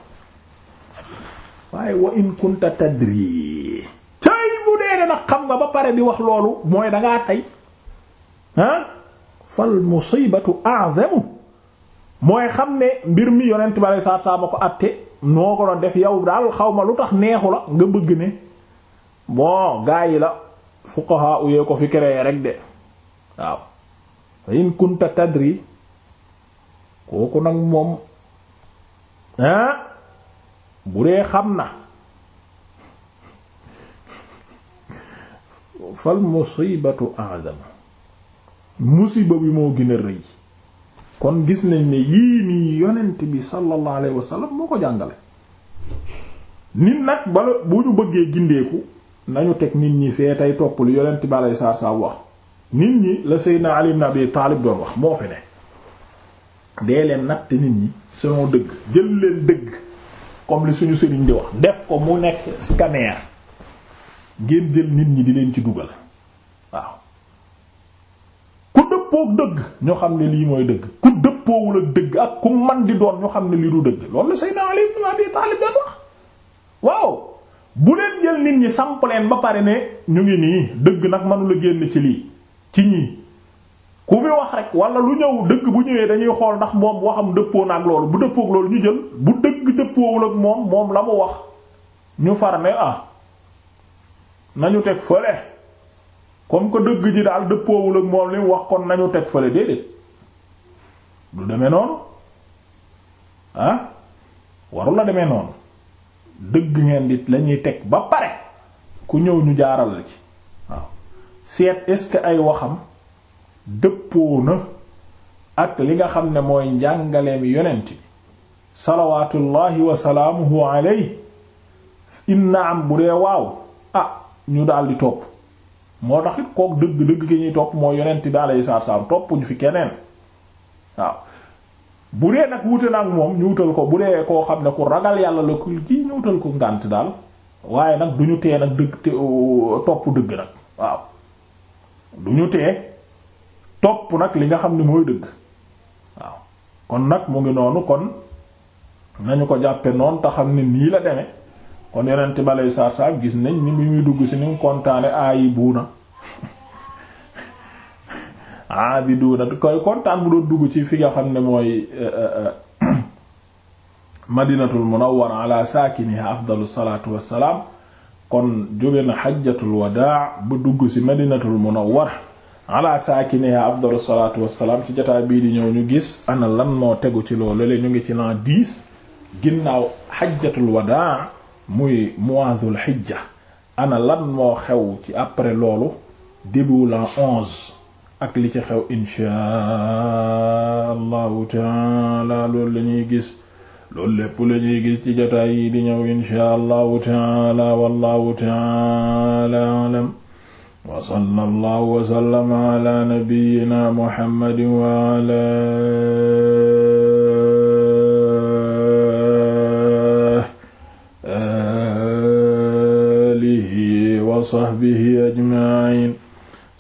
waaye wa in kunta tadri tey bu dee nag xam nga ba pare di wax loolu mooy dangaa tey fa ah, fal musibatu a'zamu mooy xam ne mbir mi yonent bale saa saa ma ko àtte noo ko doon def yow daal xaw ma lu tax neexu la nga bëgg ne bon gaa yi la fuqaha uyee ko fi créé rek de waaw in kunta tadri kooku nag moom ah bu dee xam na <laughs> fal musibatu a'zam musiba bi moo gën a rëy kon gis nañ ni yii nii yonent bi sallallahu alayhi wa sallam moo ko jàngale nit nag bala bu ñu bëggee gindeeku nañu teg nit ñi fee tey topp lu yonent bi aleyhi salaatu salaam wax nit ñi la Seydina Ali ibn Abi Taalib doon wax moo fi ne dee leen natt nit ñi selon dëgg jël leen dëgg comme li suñu sëriñ di wax def ko mu nekk scanner ngeen jël nit ñi di leen ci dugal waaw ku dëppook dëgg ñoo xam ne lii mooy dëgg ku dëppoowul ak dëgg ak ku man di doon ñoo xam ne lii du dëgg loolu la Seydina Ali ibn Abi Taalib doon wax waaw bu leen jël nit ñi samp leen ba pare ne ñu ngi nii dëgg nag mënula génn ci lii ci ñii ku fi wax rek wala lu ñëw dëgg bu ñëwee dañuy xool ndax moom waxam dëppoo na ak loolu bu dëppoo loolu ñu jël bu dëgg dëppoowul ak moom moom la mu wax ñu farme ah nañu teg fële comme que dëgg ji daal dëppoowul ak moom li mu wax kon nañu teg fële déedéet lu demee noonu ah waru la demee noonu dëgg ngeen di lañuy teg ba pare ku ñëw ñu jaaral la ci waaw seet est ay waxam dëppoo ak li nga xam ne mooy njàngaleem yonent bi salawaatullahi wa salaamuhu alayhi inna am bu dee waaw ah ñu daldi topp moo tax it kook dëgg dëgg ki ñuy topp mooy yonent bi alayhi salaatu wa salaam fi keneen waaw bu dee nag wute nag moom ñu wutal ko bu dee koo xam ne ku ragal yàlla la ku kii ñu wutal ko ngànt daal waaye nag du ñu tee nag dëgg te uh, topp dëgg nag waaw du ñu tee topp nag li nga xam ne mooy dëgg waaw kon nag mu ngi noonu kon nañu ko jàppe noon te xam ne nii la demee kon yonent balay saar saar gis nañ ni bi muy dugg si ni mu kontaane aayi buuna <laughs> aabiduuna koy kontaan bu doon dugg ci fi nga xam ne mooy eh, eh, eh, <clears throat> madinatul munawwara ala saakiniha afdalu salaatu wassalaam kon jóge na xajjatul wadaa bu dugg ci madinatul munawwara ala saakiniha afdalu salaatu wassalaam ci jotaay bii di ñëw ñu gis ana lan moo tegu ci loolu le ñu ngi ci l'an 10 ginnaaw xajjatul wadaa muy muwaadul xijja ana lan moo xew ci après loolu début l'an 11 ak li ci xew inchaa allahu taala loolu la ñuy gis loolu lépp la ñuy gis ci jotaay yi di ñëw inchaa allahu taala wallahu taala alam wa sallallahu wa sallama ala nabiyyina muhammadin wa ala wa sahbihi ajma'in